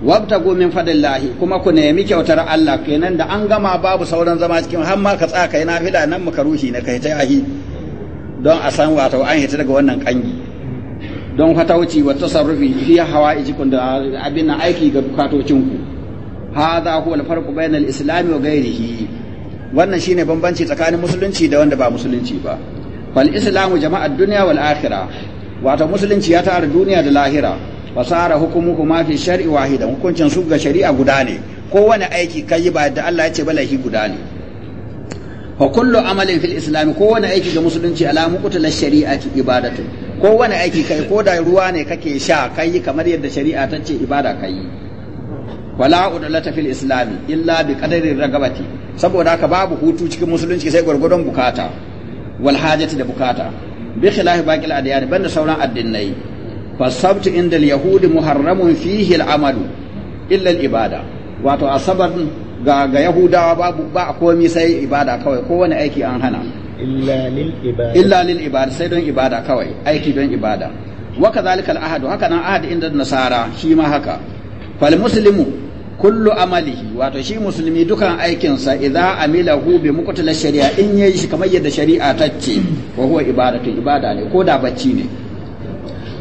wabtagu min fadlillahi kuma ku nemi kyautar Allah kenan da an gama babu sauran zama cikin har ma ka tsaka yi fila nan muka rushi na kai ta ahi don a san wato an hita daga wannan kangi don fatauci wa tasarrufi fi hawaijikum da abin nan aiki ga bukatocin ku hadha huwa al-farq bayna al-islam wa ghayrihi wannan shine bambanci tsakanin musulunci da wanda ba musulunci ba fal islamu jama'a ad-dunya wal akhirah wato musulunci ya tara duniya da lahira fasara hukumuhu kuma fi shar'i wahida hukuncin su ga shari'a guda ne kowane aiki kai ba da Allah ya ce ba laifi guda ne wa kullu amalin fil islam kowane aiki ga musulunci alamu kutul shari'ati ibadatu kowane aiki kai ko da ruwa ne kake sha kai kamar yadda shari'a ta ce ibada kai wala udlata fil islam illa bi qadari ragabati saboda haka babu hutu cikin musulunci sai gwargwadon bukata wal hajati da bukata bi khilafi baqil ban banda sauran addinai فالسبت عند اليهود محرم فيه العمل إلا الإبادة wato asabar ga ga yahudawa babu ba komai sai ibada kawai ko wani aiki an hana illa lil ibada illa ibada sai don ibada kawai aiki don ibada wa kadhalika al ahad haka nan ahad inda nasara shi ma haka fal muslimu kullu amalihi wato shi musulmi dukan aikinsa idza amilahu bi muqtala shari'a in yayi shi kamar yadda shari'a ta ce wa huwa ibadatu ibada ne ko da bacci ne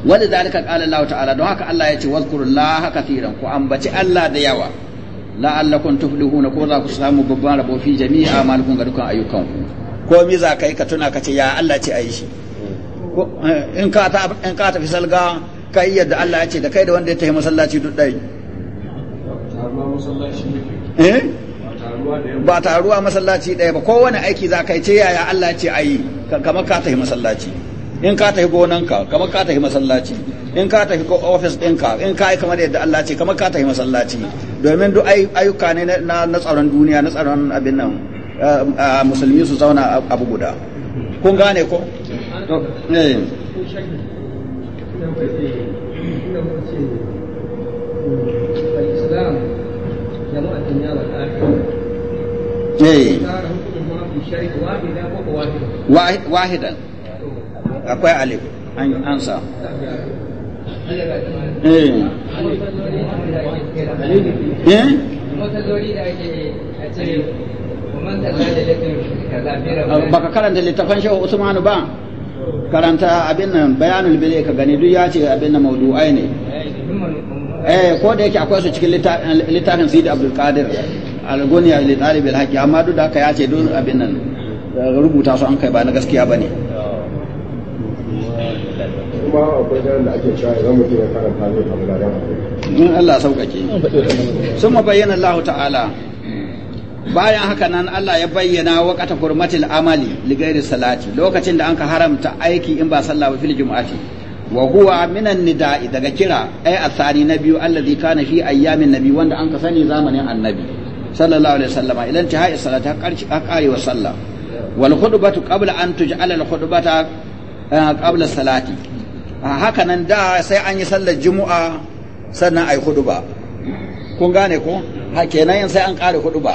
wani zalika kala Allah ta'ala don haka Allah ya ce wazkurullaha kafiran ku ambaci Allah da yawa la'allakum tuflihuna ko za ku samu babban rabo fi jami'a malikun ga dukkan ayyukan ku ko mi za kai ka tuna ka ce ya Allah ce ayi shi eh, in ka ta in ka ta fisalga kai yadda Allah ya ce da kai da wanda ya tafi masallaci duk dai eh? ba taruwa masallaci ɗaya ba kowane aiki za ka ce yaya Allah ce ayi kamar ka tafi masallaci in ka tafi gonanka kamar ka tafi masallaci in ka tafi ofis ɗinka in ka yi kamar yadda Allah ce kamar ka tafi masallaci domin duk ayyuka ne na tsaron duniya na tsaron abin nan um, musulmi su zauna abu guda kun gane ko eh. Eh. wahidan akwai alif an ansa eh. eh? eh? baka karanta littafan shehu usmanu ba karanta abin nan bayanul bile ka gani duk ya ce abin nan maudu'ai ne eh ko da yake akwai su cikin littafin Sayyid Abdul Qadir al-Gunya li Talib al-Haqi amma duk da ka ya ce duk abin nan rubuta su an kai ba na gaskiya bane kuma akwai daren da ake cewa idan mutum ya karanta zai samu ladan in Allah sauƙaƙe sun bayyana Allah ta'ala bayan haka nan Allah ya bayyana waqata hurmatil amali li salati lokacin da an ka haramta aiki in ba sallah ba fil jumu'ati wa huwa minan nida'i daga kira ay athani na biyu allazi kana fi ayyamin nabi wanda an ka sani zamanin annabi sallallahu alaihi wasallama ila intihai salata karci akari wa sallah wal khutbatu qabla an tuj'ala al khutbata eh, qabla salati haka nan da sai an yi sallar juma'a sannan ai hudu ba kun gane ko kenan yin sai an kare hudu ba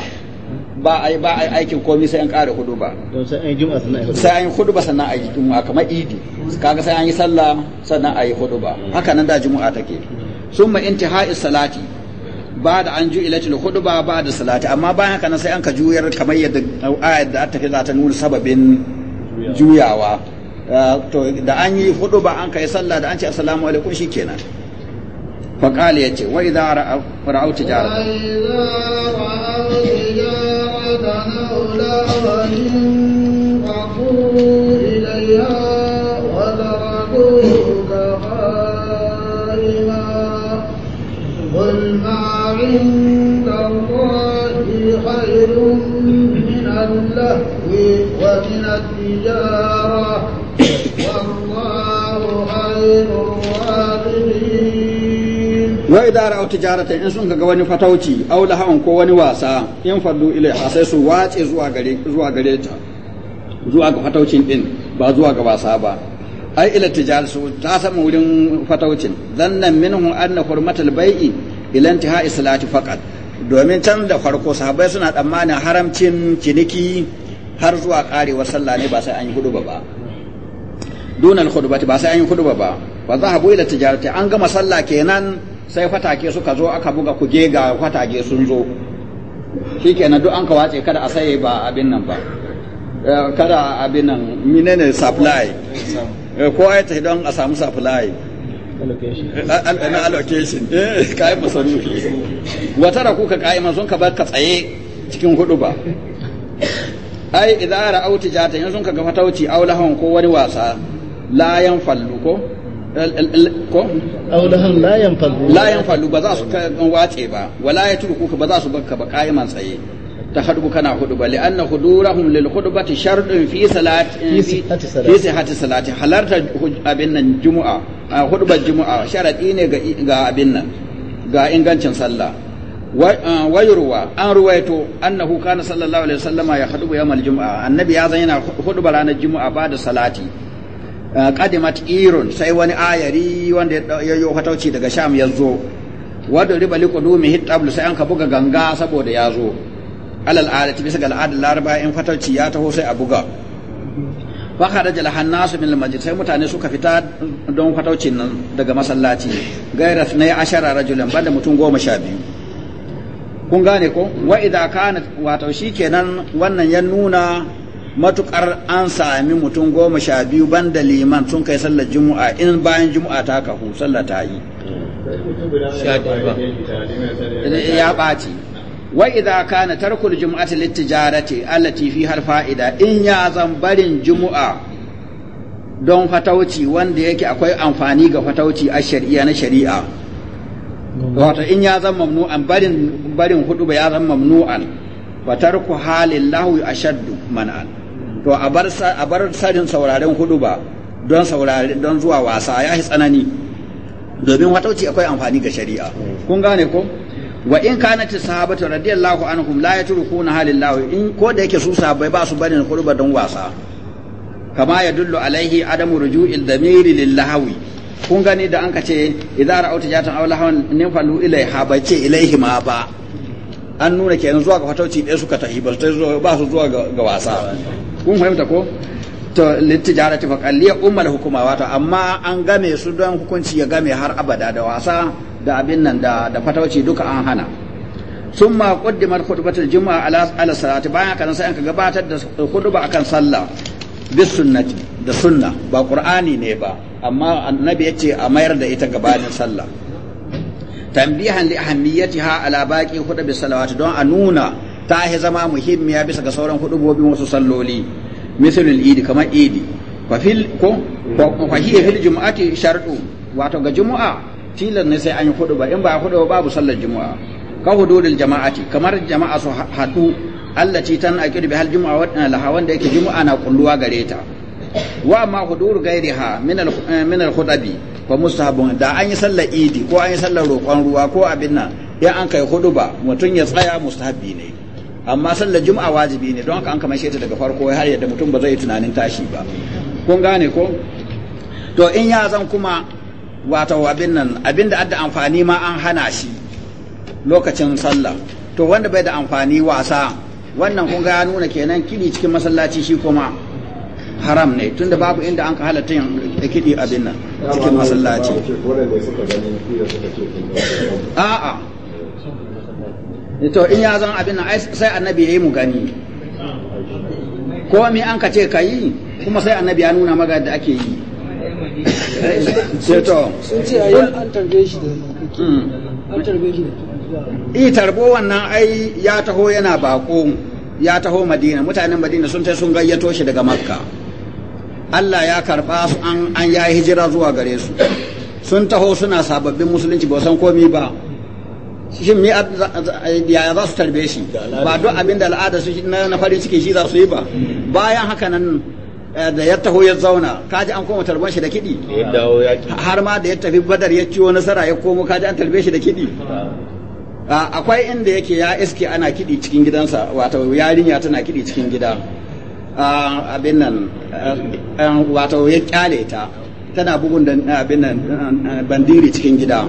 ba a ba aikin komai sai an kare hudu ba sai an yi juma'a sannan ai sai an yi hudu ba sannan ai juma'a kamar idi kaga sai an yi sallah sannan ai hudu ba haka nan da juma'a take summa intihai salati ba da an ju ilatul hudu ba da salati amma bayan haka nan sai an ka juyar kamar yadda ayat da ta za ta nuna sababin juyawa Ah, to da an yi hudu ba an kai sallah da an ce assalamu alaikum shikenan fa qala yace wa idza ra'aw tijara قل الله ومن التجارة wa idara au tijaratan in sun ga wani fatauci aw hawan ko wani wasa in ilai ha sai su wace zuwa gare zuwa gare ta zuwa ga fataucin din ba zuwa ga wasa ba ai ila tijar su ta samu wurin fataucin zannan minhu anna hurmatul bai'i ila intihai islati faqat domin can da farko sahabbai suna tsammanin haramcin ciniki har zuwa karewar sallah ne ba sai an yi hudu ba dunan khudbati ba sai an yi hudu ba ba zahabu ila tijarati an gama sallah kenan sai fatake suka zo aka buga kuje ga fatake sun zo Shi kenan duk an ka wace kada a saye ba abin nan ba eh, kada abin nan menene supply eh, ko ya ta don a samu supply na allocation eh, ba musamman wata kuka kai man sun ka ka tsaye cikin hudu ba ai idara auti jata yanzu ka ga fatauci aulahon ko wani wasa layan fallu ko ko aulahum la yanfalu la yanfalu ba za su kan wace ba wala ya yatruku ba za su bakka ba qa'iman tsaye ta hadu kana hudu ba li'anna hudurahum lil hudubati shartun fi salati fi sihhati salati halarta abin nan jumu'a hudubar jumu'a sharadi ne ga abin nan ga ingancin sallah wayurwa an ruwaito annahu kana sallallahu alaihi wasallama ya hudubu yawmal jumu'a annabi ya zan yana hudubar ranar jumu'a ba da salati Eh, qadimat irun sai wani ayari wanda ya yi fatauci daga sham ya zo wadda riba liku dumi hitablu sai an ka buga ganga saboda ya zo alal adati bisa ga al'adar laraba in fatauci ya taho sai a buga fa kharaja lahannasu min al majid sai mutane suka fita don fatauci nan daga masallaci gairat na ashara rajulan banda mutum goma sha biyu kun gane ko wa idza kana wato shikenan wannan ya nuna matukar an sami mutum goma sha biyu ban da liman sun kai sallar juma'a in bayan juma'a ta kahu sallar ta yi ya ɓaci wa idza kana tarkul jum'ati litijarati allati har fa'ida in ya zan barin jumu'a don fatauci wanda yake akwai amfani ga fatauci a shari'a na shari'a wato in ya zan mamnu'an barin barin hudu ba ya zan mamnu'an wa tarku halin lahu ashaddu man'an to a bar a bar sajin sauraren hudu ba don saurare don zuwa wasa ya yi tsanani domin watauci akwai amfani ga shari'a kun gane ko wa in kanat sahabatu radiyallahu anhum la yatrukuna halillahi in ko da yake su sahabbai ba su barin hudu don wasa kama ya dullo alaihi adamu ruju'il damiri lillahawi kun gani da an ka ce idza ra'aw tijatan aw lahawan nifalu ilaiha ba ce ilaihi ma ba an nuna kenan zuwa ga fatauci ɗaya suka tafi ba su zuwa ga wasa kun fahimta ko to litijarati fa qalliya ummal hukuma wato amma an game su don hukunci ya game har abada da wasa da abin nan da da fatauci duka an hana summa qaddimat khutbatul juma'a ala ala salati bayan haka nan sai an gabatar da khutba akan sallah bis sunnati da sunna ba qur'ani ne ba amma annabi yace a mayar da ita gabanin sallah tambihan li ahammiyatiha ala baqi khutbi salawati don a nuna ta yi zama muhimmiya bisa ga sauran hudubobin wasu salloli misalul idi kamar idi fa fil ko fa hiya jumu'ati shardu wato ga jumu'a tilan ne sai an yi ba in ba ba babu sallar jumu'a ka hududul jama'ati kamar jama'a su hadu allati tan aqidu hal jumu'a wa eh, laha wanda yake jumu'a na kulluwa gare ta wa ma hudur gairiha min al eh, min al khudabi fa mustahabun da an yi sallar idi ko an yi sallar roƙon ruwa ko abin nan ya an kai ba mutum ya tsaya mustahabbi ne amma sallar juma'a wajibi ne don haka an kamar ta daga farko har yadda mutum ba zai tunanin tashi ba kun gane ko to in ya zan kuma wato abin nan abin da adda amfani ma an hana shi lokacin sallah to wanda bai da amfani wasa wannan kun ga ya nuna kenan kidi cikin masallaci shi kuma haram ne tunda babu inda an ka halatta yin kidi abin nan cikin masallaci a'a to in ya zan abin nan sai annabi yayi mu gani ko me an ka ce ka yi kuma sai annabi ya nuna maga da ake yi sun ce ayi an tarbe shi da mm. i tarbo wannan ai ya taho yana bako ya taho madina mutanen madina sun tai sun gayyato shi daga makka Allah ya karba an an ya hijira zuwa gare su sun taho suna sababbin musulunci ba san komi ba shin me ya za su tarbe shi ba duk abin da al'ada su na farin ciki shi za su yi ba bayan haka nan eh, da ya taho ya zauna kaji an koma tarban shi da kiɗi har ma da ya tafi badar ya ciwo nasara ya komo kaji an tarbe shi da kiɗi ah, akwai inda yake ya iske ana kiɗi cikin gidansa wato yarinya tana kiɗi cikin gida ah, abin nan eh, eh, wato ya kyale ta tana bugun da abin nan bandiri cikin gida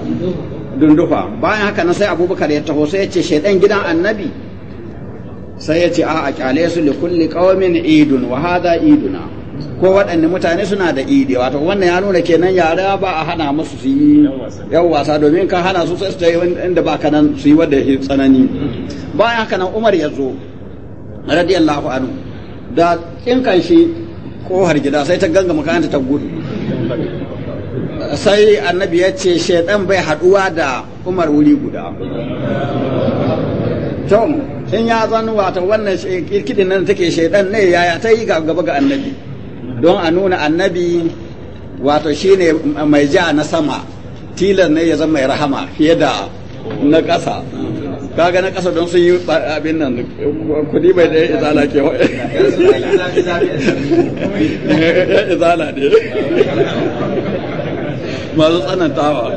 dundufa bayan haka nan sai abubakar ya taho sai ya ce shaidan gidan annabi sai ya ce a a kyale su li kulli qaumin idun wa hada iduna ko waɗanne mutane suna da idi wato wannan ya nuna kenan yara ba a hana musu su yi yan wasa domin ka hana su sai su yi inda ba ka nan su yi wanda ya tsanani bayan haka nan Umar ya zo radiyallahu anhu da tsinkan shi kohar gida sai ta ganga makaranta ta gudu sai annabi ya ce shaidan bai haduwa da umar wuri guda tom in ya zan wata wannan kirkidin nan take shaidan ne yaya ta yi gaba ga annabi don a nuna annabi wato shine mai ja na sama tilan ne ya zama mai rahama fiye da na ƙasa kaga na ƙasa don sun yi abin nan kudi mai da izala ke izala ne masu tsanantawa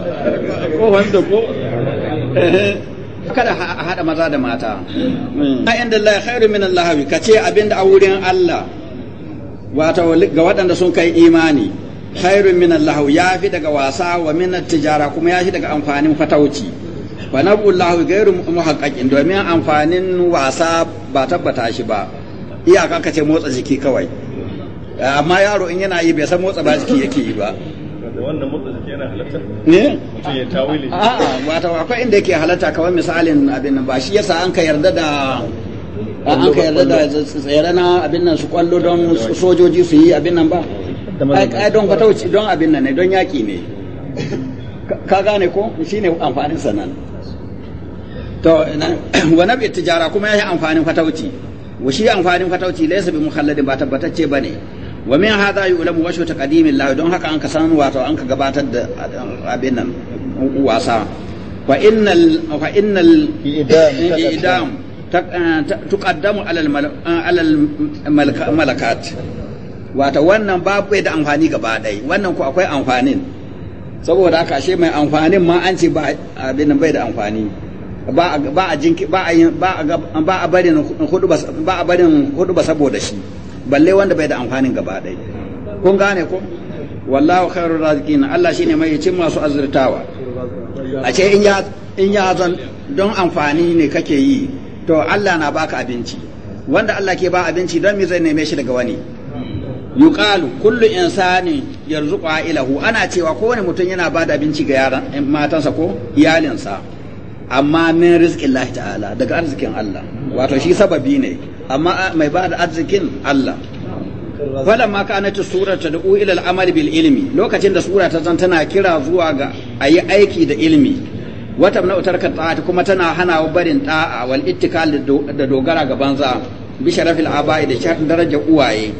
ko wanda ko kada a haɗa maza da mata hmm. a inda Allah khairu min Allah ka ce abinda a wurin Allah wato ga waɗanda sun kai imani khairu min Allah ya fi daga wasa wa min tijara kuma ya fi daga amfanin fatauci wa nabu Allah gairu muhaqqaqin domin amfanin wasa ba tabbata shi ba iyaka ka ce motsa jiki kawai amma yaro in yana yi bai san motsa ba jiki yake yi ba wannan motsa jiki yana halatta ne mutum ya tawili a'a wato akwai inda yake halatta kawai misalin abin nan ba shi yasa an ka yarda da an ka yarda da tsere na abin nan su kwallo don sojoji su yi abin nan ba ai don fatauci don abin nan ne don yaki ne ka gane ko shine amfanin sanan to wa nabi tijara kuma ya yi amfanin fatauci wa shi amfanin fatauci laysa bi mukhalladin ba tabbatacce ne. wa min hadha yu'lamu washu taqdim Allah don haka an ka san wato an ka gabatar da abin nan wasa wa innal fa innal idam eh, tuqaddamu ala eh, malakat wato wannan babu da amfani gaba dai wannan ko akwai amfanin saboda haka ashe mai amfanin ma an ce ba abin bai da amfani ba a jinki ba a ba a barin hudu ba a barin hudu ba saboda shi balle wanda bai da amfanin gaba ɗaya kun gane ko wallahu khairur raziqin Allah shine mai cin masu azurtawa a ce in ya in ya zan don amfani ne kake yi to Allah na baka abinci wanda Allah ke ba abinci don me zai neme shi daga wani yuqalu kullu insani yarzuqa ilahu ana cewa kowane mutum yana ba da abinci ga yaran eh, matansa ko iyalinsa amma min rizkin Allah ta'ala daga arzikin Allah wato shi sababi ne amma mai ba da arzikin Allah ma ka anata sura tad'u ila al-amali bil ilmi lokacin da sura ta zan tana kira zuwa ga ayi aiki da ilmi wata na utarka ta kuma tana hana barin ta'a wal ittikal da dogara ga banza bi sharafil aba'i da sharafin daraja uwaye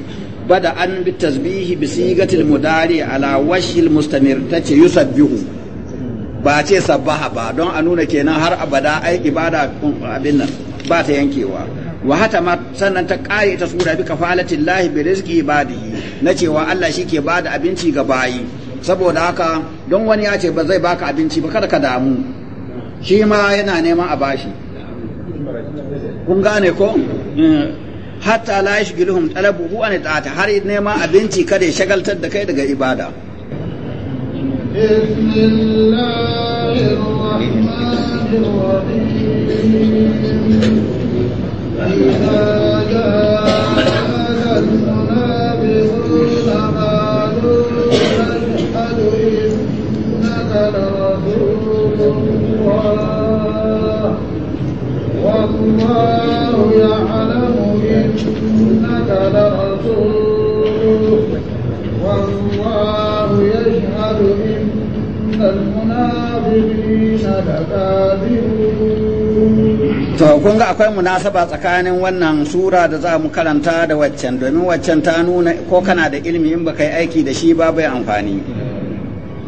bada an bi tasbihi bi sigatil mudari ala washil mustamir tace yusabbihu ba ce sabbaha ba don a nuna kenan har abada ai ibada abin nan ba ta yankewa wa hata ma sannan ta kare ta sura bi kafalatin lahi bi rizqi ibadihi na cewa Allah shi ke bada abinci ga bayi saboda haka don wani ya ce ba zai baka abinci ba kada ka damu shi ma yana neman a bashi kun gane ko hatta la yashghiluhum talabuhu an ta'ata har neman abinci kada ya shagaltar da kai daga ibada بسم الله الرحمن الرحيم إذا إنك لرسول الله والله يعلم إنك لرسول to kun ga akwai munasaba tsakanin wannan sura da za mu karanta da waccan domin waccan ta nuna ko kana da ilimi in ba kai aiki da shi ba bai amfani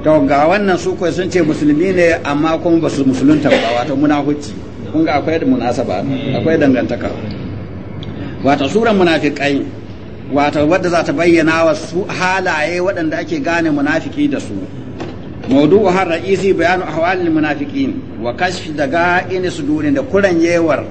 to ga wannan su kai sun ce musulmi ne amma kuma ba su musulunta ba wato munafici kun ga akwai munasaba akwai dangantaka wato suran munafiqai wato wadda za ta bayyana wa su halaye waɗanda ake gane munafiki da su موضوعها الرئيسي بيان أحوال المنافقين وكشف دقائن صدور da kuran yewar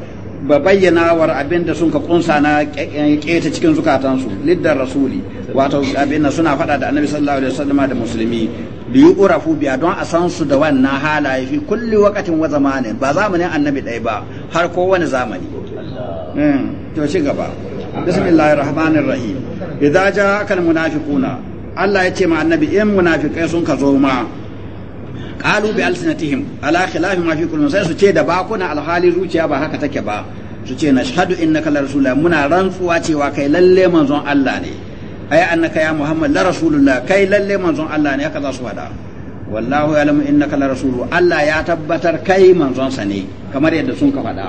da bayyana war abin da sun ka kunsa na keta cikin zukatansu liddar rasuli wato abin da suna faɗa da annabi sallallahu alaihi wasallam da musulmi li yu'rafu biya don a san su da wannan halaye fi kulli waqatin wa zamanin ba zamanin annabi daya ba har ko wani zamani to ci gaba bismillahir rahmanir rahim idza ja'aka al munafiquna Allah ya ce ma annabi in munafiqai sun ka zo ma qalu bi alsinatihim ala khilafi ma fi sai su ce da bakuna alhali zuciya ba haka take ba su ce nashhadu innaka la rasulullah muna rantsuwa cewa kai lalle manzon Allah ne ai annaka ya muhammad la rasulullah kai lalle manzon Allah ne haka za su faɗa wallahu ya'lamu innaka la rasulu Allah ya tabbatar kai manzon sa ne kamar yadda sun ka faɗa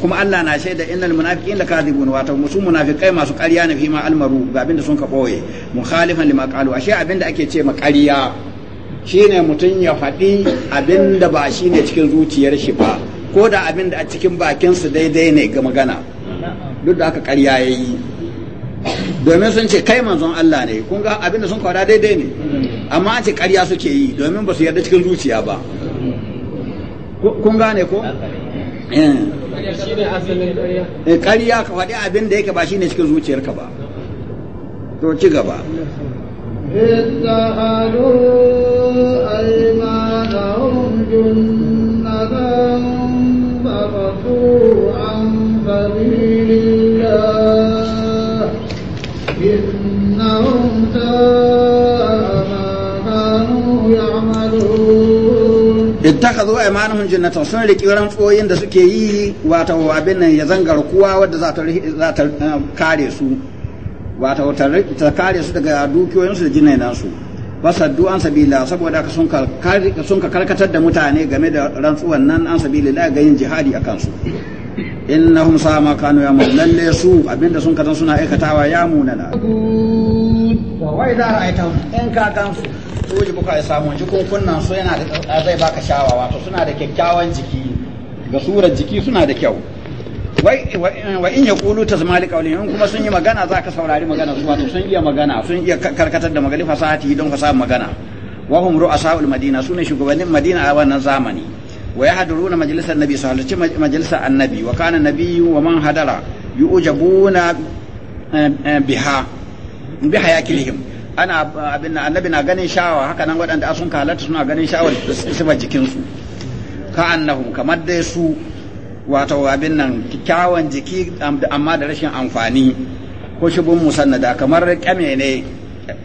kuma Allah na shaida innal munafiqina a wato musu munafikai masu ƙarya na fi ma almaru ga abinda sun ka boye mukhalifan lima qalu ashe abinda ake ce ma ƙarya shine mutum ya faɗi abin da ba ne cikin zuciyar shi ba ko da abin da a cikin bakinsu daidai ne ga magana duk da aka karya ya yi domin sun ce kai manzon Allah ne kun ga abin da sun kwada daidai ne amma an ce karya suke yi domin ba su yarda cikin zuciya ba kun gane ko karya eh. eh, ka faɗi abin da yake ba shi ne cikin zuciyarka ba to ci gaba أيمانهم جنة فقطوا عن سبيل الله إنهم ساء ما كانوا يعملون da suke yi wato abin nan ya zangar kuwa wadda za ta kare su kare su daga dukiyoyinsu da su. fasaddu an sabila saboda ka sun ka karkatar da mutane game da rantsuwan nan an sabila ga yin jihadi a kansu innahum sa ma kanu ya lalle su abinda sun kazan suna aikatawa ya munana wai da ra'aitahum in ka gansu su ji buka samu jikunkunnan su yana da zai baka shawawa to suna da kyakkyawan jiki ga surar jiki suna da kyau wa in ya yaqulu tazmali qawli in kuma sun yi magana za ka saurari magana su wato sun iya magana sun iya karkatar da magali fasahati don fasaha magana wa hum ru'asaul madina sune shugabannin madina a wannan zamani wa yahduruna majalisar nabi su halarci majalisar annabi wa kana nabiyyu wa man hadara yu'jabuna eh, eh, biha bi hayakilihim ana abin annabi na ganin shawa haka nan waɗanda sun halarta suna ganin shawar sifar jikinsu ka annahum kamar dai su wato abin nan kyawun jiki amma da rashin amfani ko shubun musannada kamar kyame ne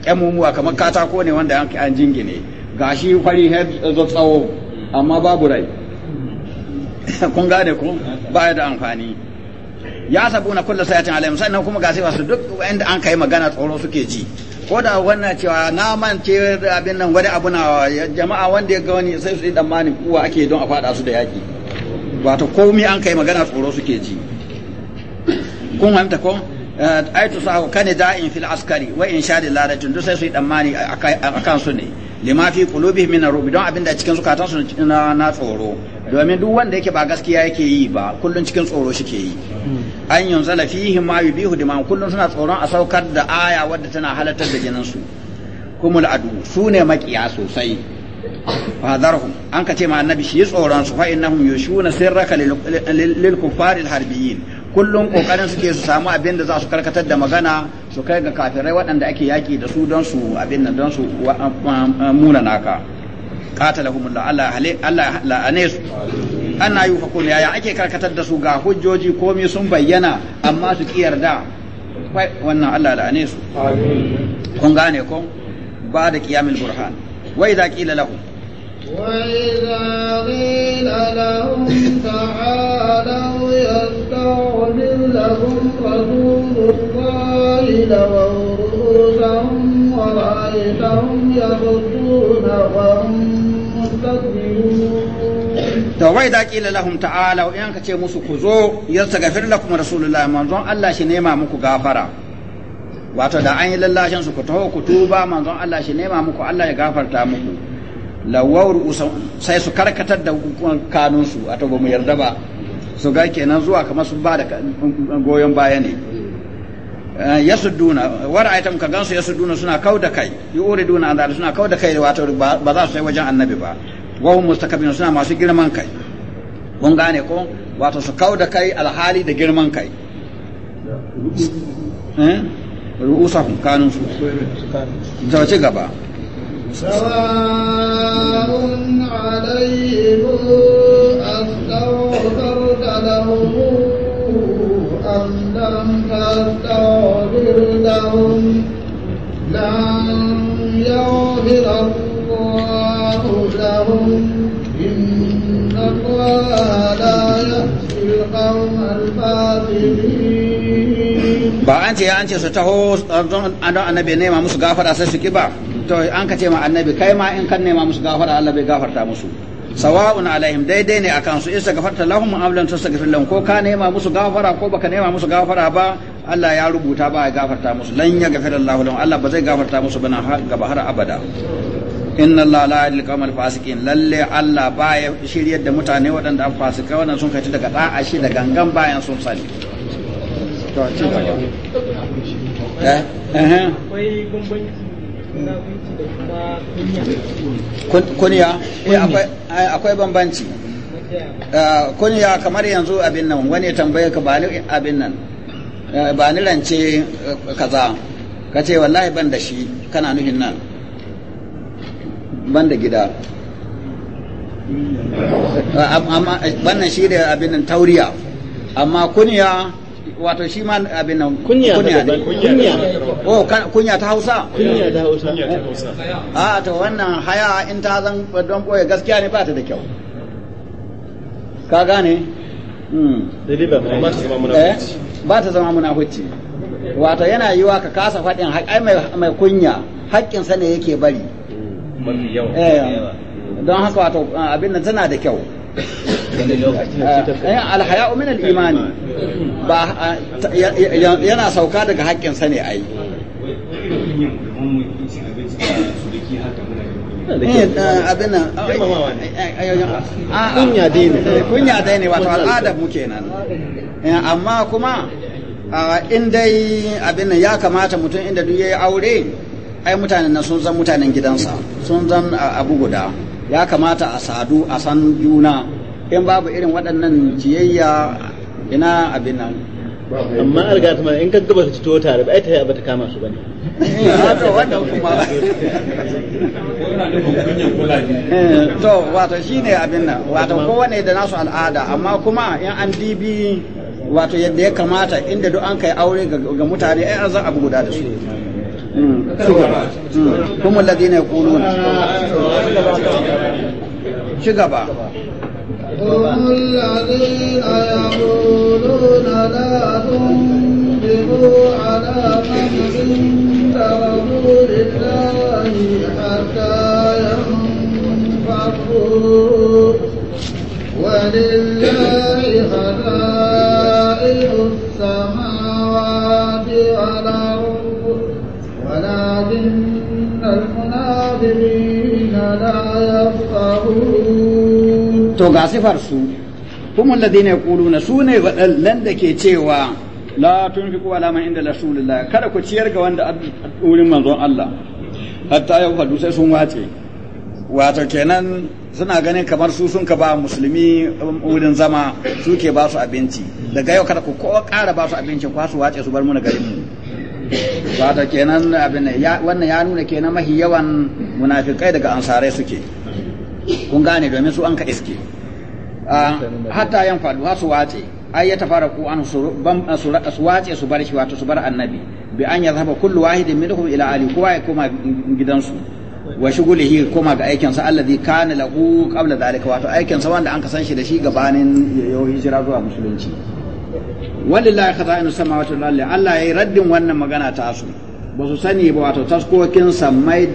kyamumuwa kamar katako ne wanda an jingine gashi fari zo tsawo amma babu rai kun gane ku ba da amfani ya sabu na kulla sayatin alayhim sannan kuma gasi wasu duk inda an kai magana tsoro suke ji ko da wannan cewa na mance abin nan wani abu na jama'a wanda ya ga wani sai su yi tsammanin kuwa ake don a fada su da yaki wato komi an kai magana tsoro suke ji kun hamta ko eh, ai to sa da in fil askari wa in sha da duk sai su yi damani akan su ne lima fi qulubihim min rubi don abinda cikin zukatan su na tsoro domin duk wanda yake ba gaskiya yake yi ba kullun cikin tsoro shike yi an yunzala fihi ma yubihu dima kullun suna tsoron a saukar da aya wadda tana halartar da jinin su kumul adu su ne makiya sosai fahdarhum an ka ce ma annabi shi tsoron su fa innahum yushuna sirraka lil kuffar kullum kokarin suke su samu abin da za su karkatar da magana su kai ga kafirai waɗanda ake yaki da su don su abin don su muna naka qatalahum Allah Allah la'ane su ana yaya ake karkatar da su ga hujjoji komai sun bayyana amma su yarda wannan Allah gane ko da wa idza qila lahum وإذا قيل لهم تعالوا يستغفر لهم رسول الله لووا رؤوسهم ورأيتهم يصدون وهم to wai da kila lahum ta'ala in ka ce musu ku zo yastaghfir lakum rasulullahi manzon Allah shi nema muku gafara wato da an yi lallashin su ku taho ku tuba manzon Allah shi nema muku Allah ya gafarta muku lawawar usan sai su karkatar da kanun su a mu yarda ba su ga kenan zuwa kamar su ba da goyon baya ne eh, duna war aitam ka gansu Duna suna da kai Duna an suna da kai wato ba za su sai wajen annabi ba wa hum suna masu girman kai kun gane ko wato su da kai alhali da girman kai eh ru'usahum kanun su ta ci gaba sawa'un alaihim ba an ce an ce su taho don annabi nema musu gafara sai su ki ba to an ka ce ma annabi kai ma in kan nema musu gafara Allah bai gafarta musu sawa'un alaihim daidai ne akan su isa gafarta lahum am lam tastaghfir lahum ko ka nema musu gafara ko baka nema musu gafara ba Allah ya rubuta ba ya gafarta musu lan ya gafara Allah lahum Allah ba zai gafarta musu bana gaba har abada inna Allah la yahdi al fasiqin lalle Allah ba ya shiryar da mutane waɗanda an fasika wannan sun kai daga da'a shi da gangan bayan sun sani to eh, eh, akwai bambanci eh, kunya kamar yanzu abin nan wani tambaye ka ba abin nan ba ni kaza ban da shi kana nan ban da gida amma shi da abin nan tauriya amma kunya wato shi ma abin nan kunya kunya oh kunya ta Hausa kunya ta Hausa a ah, to wannan haya in ta zan don boye gaskiya ne ba ta da kyau ka gane hmm. eh? ba ta zama hucci wato yana yiwa ka kasa faɗin ai mai kunya haƙƙinsa ne yake bari hmm. eh, don haka wato ah, abin nan tana da kyau alhaya'u min al-imani ba yana sauka daga haƙƙin sa ne ai abin kunya dai ne kunya dai ne wato mu kenan amma kuma in dai abin ya kamata mutum inda duk yayi aure ai mutanen nan sun zan mutanen gidansa sun zan abu guda ya kamata a sadu a san juna in babu irin waɗannan ciyayya ina abin nan amma alga ma in ka gaba su cito tare ba ai ta ba ta kama su bane wannan kuma to wato shine abin nan wato kowane da nasu al'ada amma kuma in an dibi wato yadda ya kamata inda duk an kai aure ga mutane ai an zan abu guda da su shugaba kuma ladina ya kuno ne shugaba ولله حدائق السماوات والارض ولكن المنافقين لا يفقهون تو ga sifar su هم الذين يقولون سوني waɗannan da ke cewa la tunfiqu ala man inda rasulillah kada ku ciyar ga wanda wurin manzon Allah hatta yau fadu sai sun wace wato kenan suna ganin kamar su sun ka ba musulmi wurin zama suke ba su abinci daga yau kada ku ko kara ba su abinci ku su wace su bar mu na garin mu wato kenan abin wannan ya nuna kenan mafi yawan munafikai daga ansarai suke kun gane domin su an ka iske ah, hatta yan faɗu har su wace ai ya tafara ku an su wace su bar shi wato su bar annabi bi an yazhaba kullu wahidin minhum ila ali kowa ya koma gidansu wa shughulihi koma ga aikin sa allazi kana lahu qabla dhalika wato aikin sa wanda an ka san shi da shi gabanin yau hijira zuwa musulunci walillahi khaza'inu samawati wal ardi Allah yayi raddin wannan magana ta su ba su sani ba wato taskokin sammai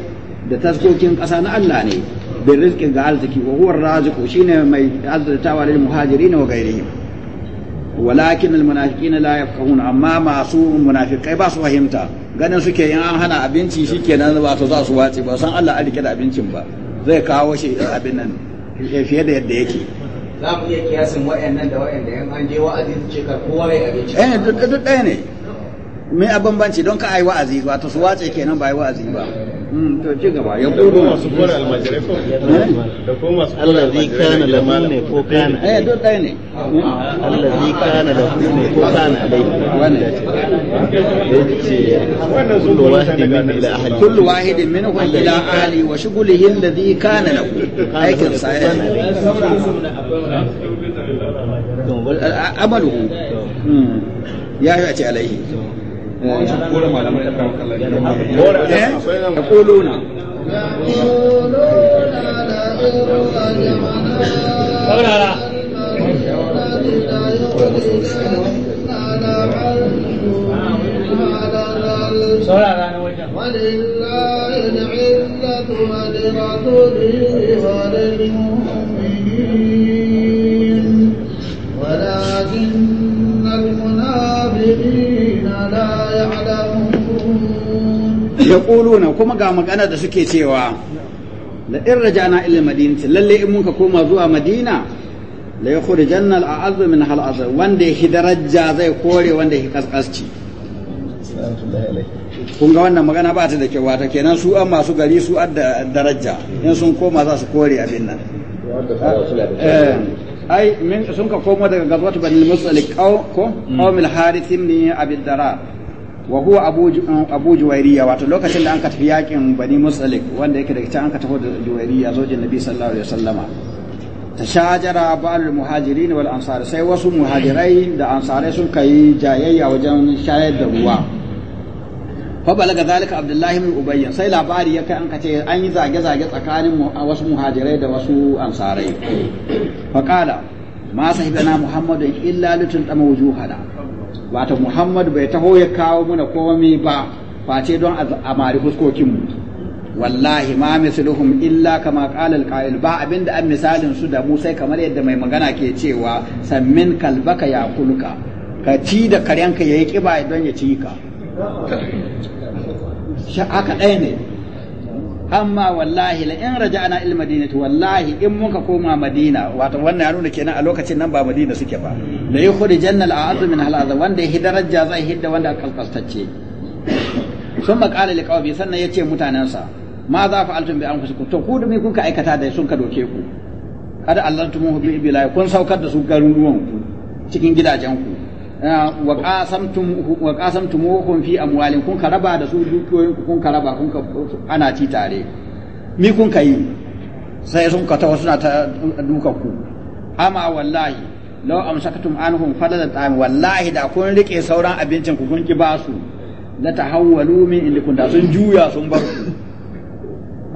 da taskokin ƙasa na Allah ne bin rizqin ga arziki wa huwa raziqu shine mai arzatawa lil muhajirin wa ghairihim walakin al munafiqin la yafqahuna amma masu munafiqai ba su fahimta ganin suke in an hana abinci shikenan ba su za su wace ba san Allah a rike da abincin ba zai kawo shi abin nan fiye da yadda yake za mu iya kiyasin wa'annan da wa'anda yan an je wa'azi su ce kowa ya abinci eh duk duk ɗaya ne me a bambanci don ka ai wa'azi wato su wace kenan ba ai wa'azi ba Mm, to ci gaba ya kudu masu kore almajirai ko eh? da ko masu Allah zai kana da ne ko kana eh duk ɗaya ne Allah zai kana da ne ko kana alai wannan ya ce wannan su kullu min ila ahli kullu wahidin min wa ila ahli wa shughlihi alladhi kana lahu aikin sa ya eh. amaluhu mm. ya yi ce alaihi kora malamai ta kawo kallon kora da kolona saurara na ولله العزة ولرسوله وللمؤمنين yaquluna kuma ga magana da suke cewa la in rajana ila madinati lalle in muka koma zuwa madina la yukhrijanna al-a'azzu min hal wanda yake daraja zai kore wanda yake kaskasci kun ga wannan magana ba ta da kyau wata kenan su an masu gari su an daraja in sun koma za su kore abin nan eh, ai min sun ka komo daga gazwatu banil musalik ko hmm. qawmil harith min abid darar wa huwa abu juwairiya wato lokacin da an ka tafi yakin bani musalik wanda yake daga can an ka tafi da juwairiya zojin nabi sallallahu alaihi wasallama tashajara ba'al muhajirin wal ansar sai wasu muhajirai da ansarai sun kai jayayya wajen shayar da ruwa fa balaga zalika abdullahi ibn ubay sai labari ya kai an ka ce an yi zage zage tsakanin wasu muhajirai da wasu ansarai fa masa ma sahibana muhammadun illa lutun dama wujuhana wato Muhammadu bai taho ya kawo muna komai ba face don a mari fuskokin mu wallahi ma misluhum illa kama qala alqa'il ba abinda an misalin su da Musa, kamar yadda mai magana ke cewa sammin kalbaka ya kulka ka ci da karyanka yayi kiba don ya ci ka ɗaya ne amma wallahi la in raja'na il madinati wallahi in muka koma madina wato wannan ya nuna kenan a lokacin nan ba madina suke ba la yukhrijanna al a'zu min al wanda ya daraja zai hidda wanda kalkastacce sun qala li qawmi sannan yace sa ma za fa'altum bi anfusikum to ku da me kuka aikata da sun ka doke ku kada allantumuhu bi ibla kun saukar da su garuruwan ku cikin gidajen ku Eh, wa qasamtum wa qasamtumuhum fi amwalin kun karaba da su dukiyoyin ku kun karaba kun ana ci tare mi kun kai sai sun ka tawo suna ta duka ku amma wallahi law amsakatum anhum faladat am wallahi da kun rike sauran abincin ku kun ki su la tahawwalu min indikum da sun juya sun bar ku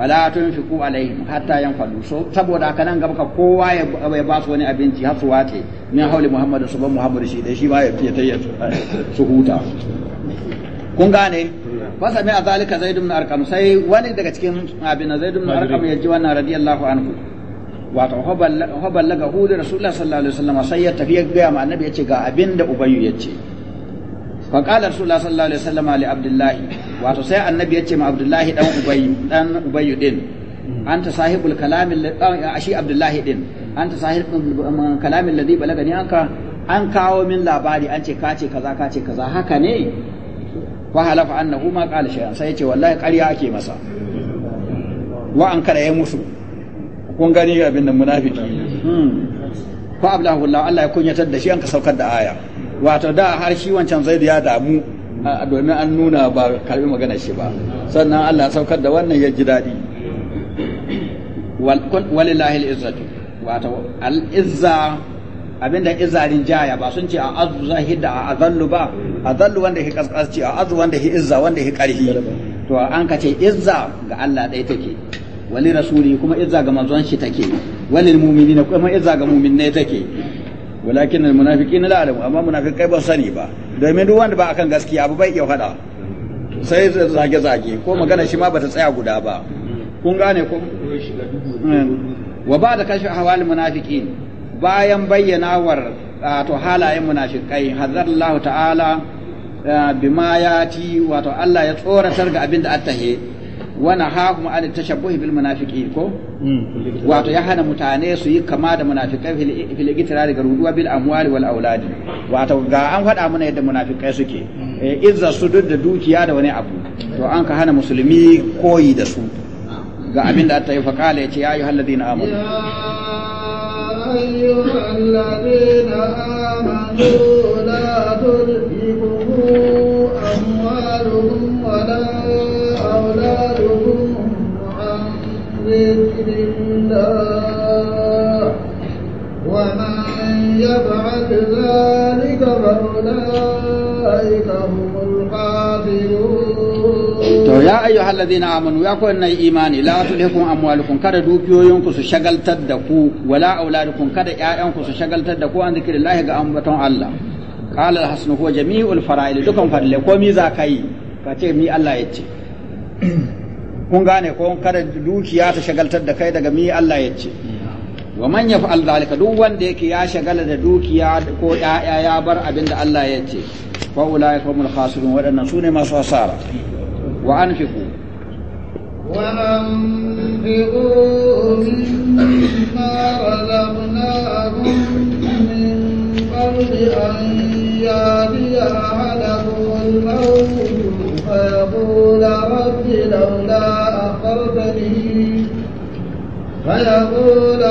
fala tunfiqu alaihim hatta yanfalu so saboda haka nan gaba kowa ya ba su wani abinci har su wace min hauli muhammadu su ban muhammadu shi dai shi ba ya fiye tayyar su huta kun gane fa sami a zalika zaid ibn arqam sai wani daga cikin abin zaid ibn arqam ya ji wannan radiyallahu anhu wato hubal laga hudu da rasulullah sallallahu alaihi wasallam sai ya tafi ya ga ma annabi ya ce ga abin da ubayyu ya ce fa qala rasulullah sallallahu alaihi wasallam li abdullahi wato sai annabi ya ce ma abdullahi dan ubayyu dan ubayyu din anta sahibul kalamin shi abdullahi din anta sahibul kalamin ladhi balagani anka an kawo min labari an ce kace kaza kace kaza haka ne wa halafa annahu ma qala shay'an sai ya ce wallahi ƙarya ake masa wa an kara ya musu kun gani abin da munafiki hmm. fa ablahu Allah Allah ya kunyatar da shi an ka saukar da aya wato da har shi wancan zaidu ya damu domin an nuna ba karbi magana shi ba sannan Allah saukar da wannan ya ji daɗi walillahi al wato al-izza abinda izarin jaya ba sun ce a azu zahid da a azallu ba azallu wanda ke kaskasci a azu wanda ke izza wanda ke karhi to an ka ce izza ga Allah ɗaya take wali rasuli kuma izza ga manzon shi take Wali mu'minina kuma izza ga mumin ne take walakin al munafiqina la alamu amma munafiqai ba sani ba domin duk wanda ba kan gaskiya abu bai iya faɗa sai zage-zage ko magana shi ma ta tsaya guda ba kun gane ko wa ba da kashe hawalin munafikin bayan bayyana bayyanawar to halayen hazar Allah ta'ala bima yati wato Allah ya tsoratar ga abin da attahe wana hahum an tashabbuhi bil munafiqin ko hmm. wato ya hana mutane su yi kama da munafikai fil iqtirari ga ruduwa bil amwali wal auladi wato ga an faɗa mana yadda munafikai suke eh, izza su duk da dukiya da wani abu to an ka hana musulmi koyi da su ga abin da ta yi faqala yace ya ayyuhal ladina amanu ya ayyuhal ladina amanu la tulhikum amwalukum wa la ذكر الله ومن يفعل ذلك فأولئك هم to ya ayyuhal ladina amanu ya kuwa nan imani la tulhikum amwalukum kada dukiyoyinku su shagaltar da ku wala auladukum kada ƴaƴanku su shagaltar da ku an zikrillahi ga ambaton Allah qala al-hasnu huwa jami'ul fara'il dukan farle mi za ka yi ka ce mi Allah ya ce kun gane ko kada dukiya ta shagaltar da kai daga mi Allah ya ce wa man yaf'al zalika duk wanda yake ya shagala da dukiya ko ya'ya ya bar abin da Allah ya ce fa ulaika humul khasirun wadannan sune masu hasara wa anfiqu wa anfiqu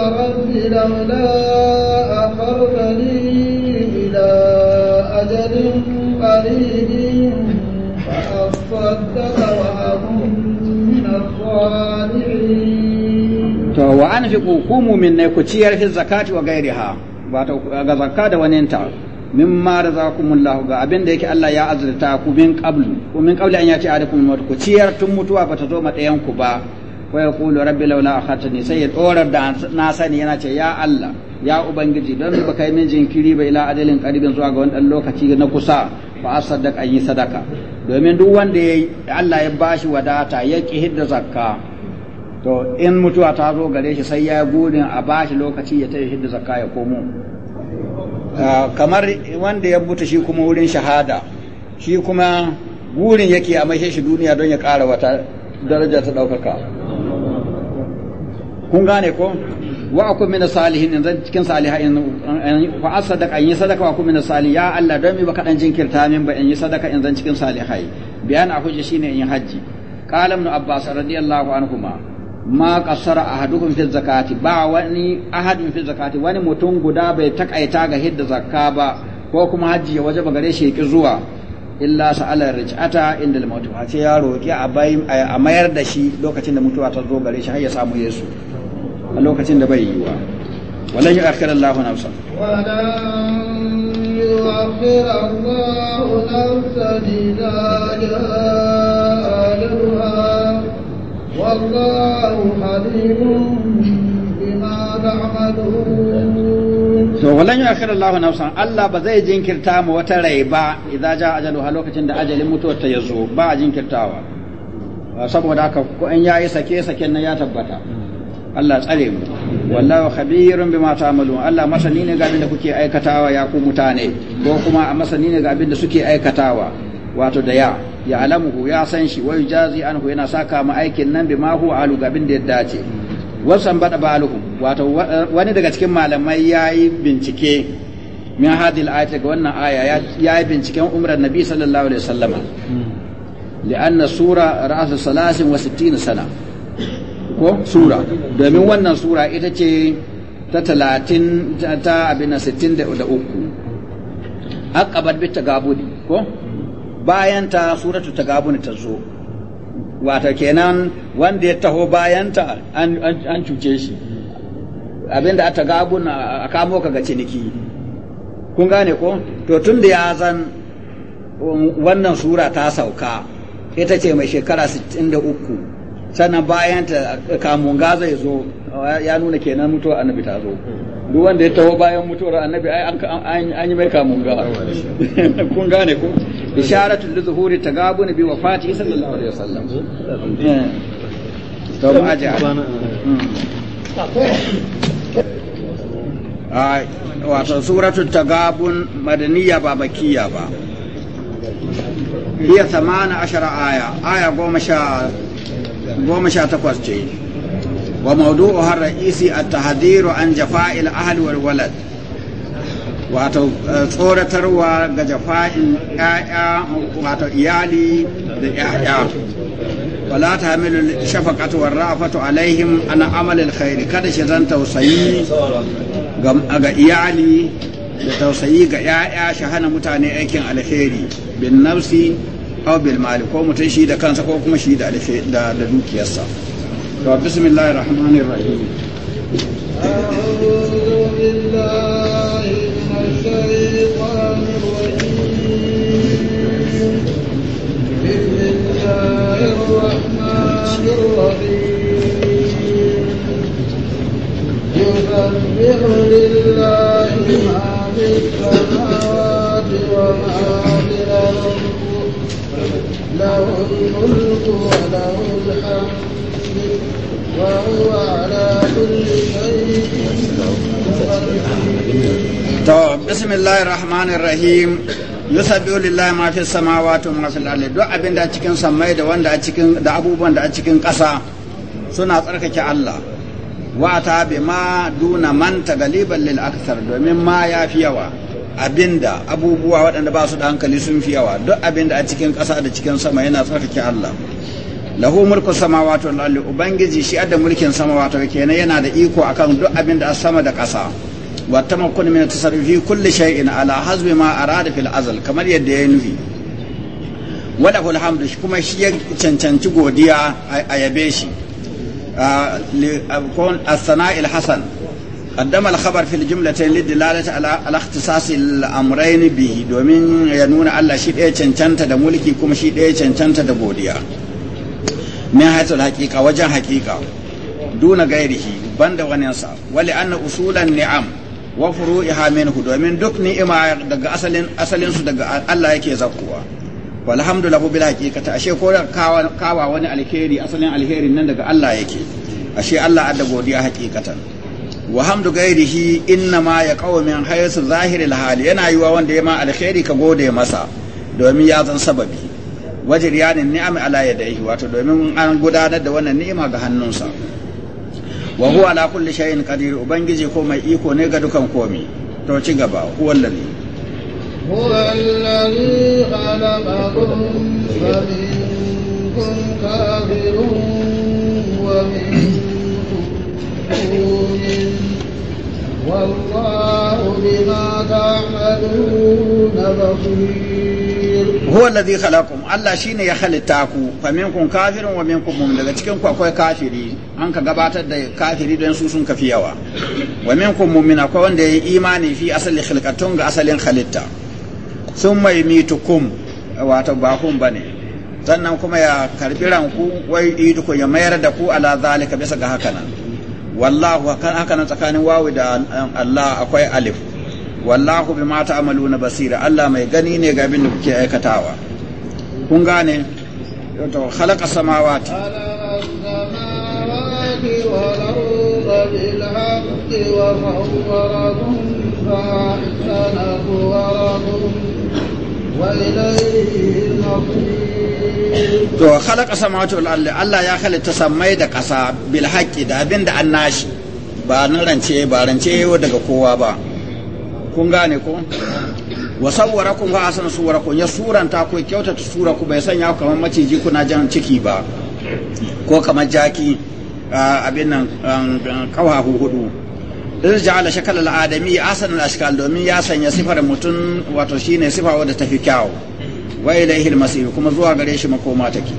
رب لولا أخرتني إلى أجل قريب فأصدق وأكون من الصالحين. To wa an fi kukumu min ne ku ciyar fi zakati wa gairiha wato ga zakka da waninta mimma razaqakumullahu ga abin da yake Allah ya azurta ku min qablu ku min qabli an yati a da ku ciyar tun mutuwa ta zo ma ɗayan ku ba wa kulu rabbi laula akhartani sai ya tsorar da na sani yana ce ya Allah ya ubangiji don ba kai min jinkiri ba ila adalin karibin zuwa ga wani lokaci na kusa a asaddaq an yi sadaka domin duk wanda ya Allah ya bashi wadata ya ki hidda zakka to in mutuwa ta zo gare shi sai ya gudun a bashi lokaci ya tayi hidda zakka ya komo ah, kamar wanda ya buta shi kuma wurin shahada shi kuma gurin yake a maishe shi duniya don ya ƙara wata daraja ta ɗaukaka kun gane ko wa aku min salihin in zan cikin in fa asadaka in yi sadaka wa aku min salih ya Allah don mi baka dan jinkirta min ba in yi sadaka in zan cikin salihai bayan ahuji shine in yi haji qala ibn abbas radiyallahu anhuma ma qassara ahadukum fi zakati ba wani ahadun fi zakati wani mutum guda bai takaita ga hidda zakka ba ko kuma haji ya waje gare shi yake zuwa illa sa'ala rij'ata inda al-maut fa sai ya roki a mayar da shi lokacin da mutuwa ta zo gare shi har ya samu Yesu a lokacin da bai yiwa walan ya akhira Allah nafsan wallahu حليم bima تعملون to walan yu'akhiru Allahu nafsan Allah ba zai jinkirta mu wata rai ba idza ja ha lokacin da ajalin mutuwar ta yazo ba a jinkirtawa saboda haka ko an yayi sake sake nan ya tabbata Allah tsare mu wallahu khabirun bima ta'malun Allah masani ne ga abin da kuke aikatawa ya ku mutane ko kuma a masani ne ga abin da suke aikatawa wato da ya ya alamuhu ya san shi wa yujazi anhu yana saka mu aikin nan bima hu alu ga abin da ya dace wasan bada baluhum wato wani daga cikin malamai ya yi bincike min hadil ayat ga wannan aya ya yi binciken umrar nabi sallallahu alaihi wasallama li'anna sura ra'asu salasin wa sittina sana ko sura domin wannan sura ita ce ta talatin ta abin sittin da uku akabar bi tagabuni ko bayan ta suratu tagabuni ta zo wata kenan wanda ya taho bayan ta an cuce shi Abin da ta gabun a kamo ka ga ciniki kun gane ko to tun da ya zan um, wannan sura ta sauka ita ce mai shekara 63 sannan bayan ta kamun gaza ya zo ya nuna kenan mutuwar annabi ta zo duk wanda ya taho bayan mutuwar annabi ai an yi mai kamun ga kun gane ko isharatul lizuhuri tagabun bi wafati sallallahu alaihi wasallam eh. to Thank you. آه، سورة التقابل مدنية بابكية با هي ثمان عشر آية آية قومشا قومشا تقوستي وموضوعها الرئيسي التحذير عن جفاء الأهل والولد واتو آه، صورة روى جفاء آية واتو إيالي لإحياء ولا تهمل الشفقة والرأفة عليهم أن عمل الخير كدش زنته سيئ ga iyali da tausayi ga 'ya'ya shi hana mutane aikin alheri bin nafsi aw bil mali ko mutum shi da kansa ko kuma shi da da dukiyarsa to bismillahir rahmanir rahim بسم الله يسبح لله ما في السماوات وما في الأرض له الملك rahmanir rahim cikin samai da wanda a cikin da abubuwan da a cikin ƙasa suna tsarkake Allah wa ta bi ma duna man tagaliban lil akthar domin ma ya fi yawa abinda abubuwa waɗanda ba su da hankali sun fi yawa duk abinda a cikin ƙasa da cikin sama yana tsarkake Allah lahu mulku samawati wal ardi ubangiji shi adda mulkin samawati kenan yana da iko akan duk abinda a sama da ƙasa wa tamakkun min tasarrufi kulli shay'in ala hazbi ma arada fil azal kamar yadda ya nufi wala hamdu kuma shi ya cancanci godiya a yabe shi الثناء الحسن قدم الخبر في الجملتين للدلالة على اختصاص الأمرين به دومين ينون الله شيء إيه تنتنت دا ملكي كم شيء إيه تنتنت دا بوديا من حيث الحقيقة وجه حقيقة دون غيره بند وننسى ولأن أصول النعم وفروعها منه دومين دك نعمة أصل أصل سدق الله يكي زقوها walhamdu lahu bil hakikata ashe ko kawa kawa wani alheri asalin alherin nan daga Allah yake ashe Allah adda godiya hakikatan wa hamdu ghairihi inna ma ya min haythu zahiril hali yana yiwa wanda ya ma alheri ka gode masa domin ya zan sababi wajen ni ni'am ala yadayhi wato domin an gudanar da wannan ni'ima ga hannunsa wa huwa ala kulli shay'in qadir ubangiji ko mai iko ne ga dukan komi to ci gaba huwallahi هو الذي خلقكم فمنكم كافر ومنكم مؤمن والله بما تعملون بصير هو الذي خلقكم الله شيء يا خلتاكو فمنكم كافر ومنكم مؤمن daga cikin ku kafiri an ka gabatar da kafiri don su sun kafi yawa wa minkum mu'min akwai wanda ya imani fi asali khalqatun ga asalin khalitta. sun mai mitukum wato ba bakun ba ne sannan kuma ya karbi ranku wai ku ya mayar da ku ala zalika bisa ga haka nan wallahu haka nan tsakanin wawu da um, Allah akwai alif wallahu amalu na basira Allah mai gani ne ga abin da kuke aikatawa kun gane to khalaqa samawati والأرض wa وصوركم فأحسن صورهم وإليه المصير to khalaqa samawati wal ardi Allah ya halitta samai da ƙasa bil haqqi da abin da annashi ba nan rance ba rance daga kowa ba kun gane ko wa sawwarakum fa asana suwarakum ya suranta ku kyautata sura ku bai sanya ku kamar maciji kuna jan ciki ba ko kamar jaki abin nan kawahu hudu dan ala shakal al-adami asan al-ashkal domin ya sanya sifar mutum wato shine sifa wadda tafi kyawu wa ilaihi al-masir kuma zuwa gare shi makoma take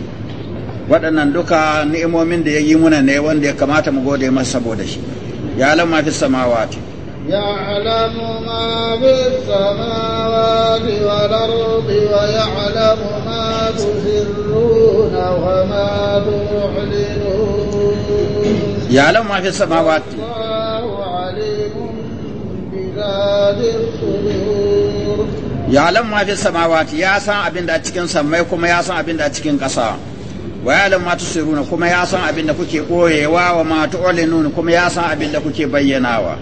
waɗannan duka ni'imomin da ya yi muna ne wanda ya kamata mu gode masa saboda shi ya lamma fi samawati يعلم ما في السماوات والأرض ويعلم ما تسرون وما تعلنون يعلم ما في السماوات ya lam ma fi samawati ya san abin da a cikin sammai kuma ya san abin da a cikin ƙasa wa ya lam ma tusiruna kuma ya san abin da kuke koyewa wa ma tu'linun kuma ya san abin da kuke bayyanawa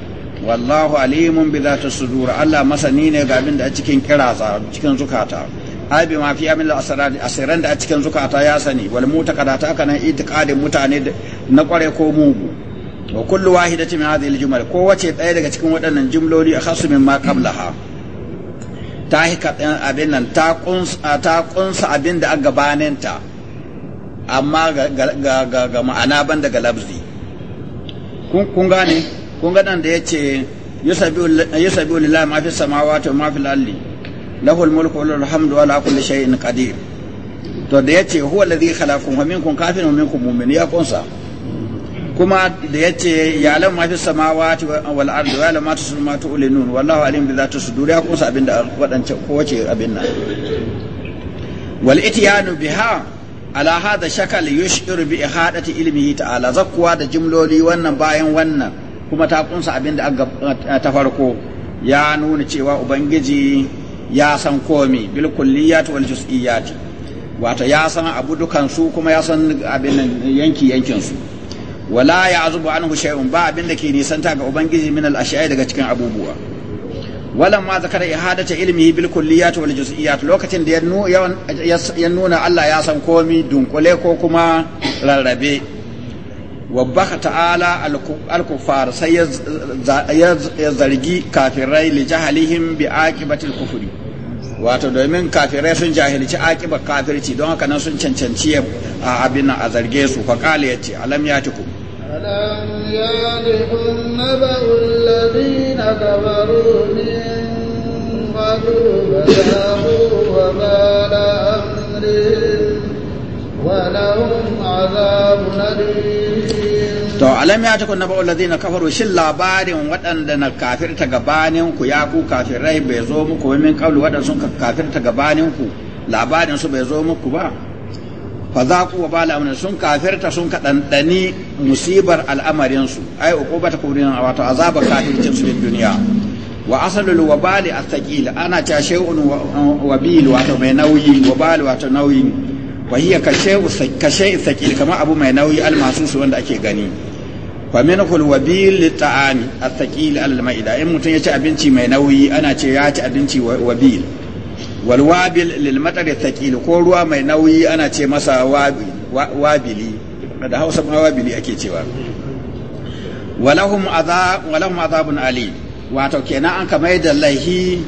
wallahu alimun bi zati sudur Allah masani ne ga abin da a cikin kiratsa cikin zukata ai bi ma fi amil asrar asiran da cikin zukata ya sani wal mutaqadata kana itiqadin mutane na kware ko mugu wa kullu wahidati min hadhihi al-jumal ko wace ɗaya daga cikin waɗannan jumloli a khasu min ma qablaha ta hika abin nan ta kunsa ta kunsa abin da aka gabaninta amma ga ga ga ma'ana ban daga lafzi kun kun gane kun ga nan da yace yusabihu lillahi ma fi samawati wa ma fil ardi lahu al-mulku wa lahu al-hamdu wa ala kulli shay'in qadir to da yace huwa alladhi khalaqakum wa minkum kafirun wa minkum mu'min ya kunsa kuma da ya ce ya mafi ma fi samawati wal ardi wa alam ma tusul ma tu'linun wallahu alim bi zati sudur ya kusa abinda wadance ko wace abin nan wal itiyanu biha ala hadha shakal yush'iru bi ihadati ilmihi ta'ala zakwa da jimloli wannan bayan wannan kuma ta kunsa abinda aka ta farko ya nuna cewa ubangiji ya san komi bil kulliyati wal ya san abu dukan su kuma ya san abin yanki yankin wala azubu anhu shay'un ba abinda ke ke nisanta ga ubangiji min al-ashya'i daga cikin abubuwa walan ma zakara ihadata ilmihi bil kulliyat wal juz'iyat lokacin da ya nuna Allah ya san komi dunkule ko kuma rarrabe wabbaka ta'ala al kufar sai ya zargi kafirai li jahalihim bi aqibatil kufri wato domin kafirai sun jahilci aqibar kafirci don haka nan sun cancanci abin a zarge su fa qala yace alam yatikum فلم يالهم نبأ الذين كفروا من قبل فذاقوا وبال أمرهم ولهم عذاب أليم to alam ya takun naba'u alladhina kafaru shin labarin waɗanda na kafirta gabanin ku ya ku kafirai bai zo muku min qablu waɗanda sun kafirta gabanin ku labarin su bai zo muku ba fa za ku wa bala amrin sun kafirta sun kaɗanɗani musibar al'amarinsu ai uqubata kubrin wato azaba kafircin su din duniya wa asalul wabali athqil ana ta shay'un wabil wato mai nauyi wabali wato nauyi wa hiya ka shay'u ka shay'u thqil kama abu mai nauyi almasus wanda ake gani fa minhu alwabil lit'ami athqil al ma'ida in mutun ya ci abinci mai nauyi ana ce ya ci abinci wabil walwabil wabil lil matar thaqil ko ruwa mai nauyi ana ce masa wabili da Hausa ma wabili ake cewa walahum azab walahum azabun ali wato kenan an kamar da laihi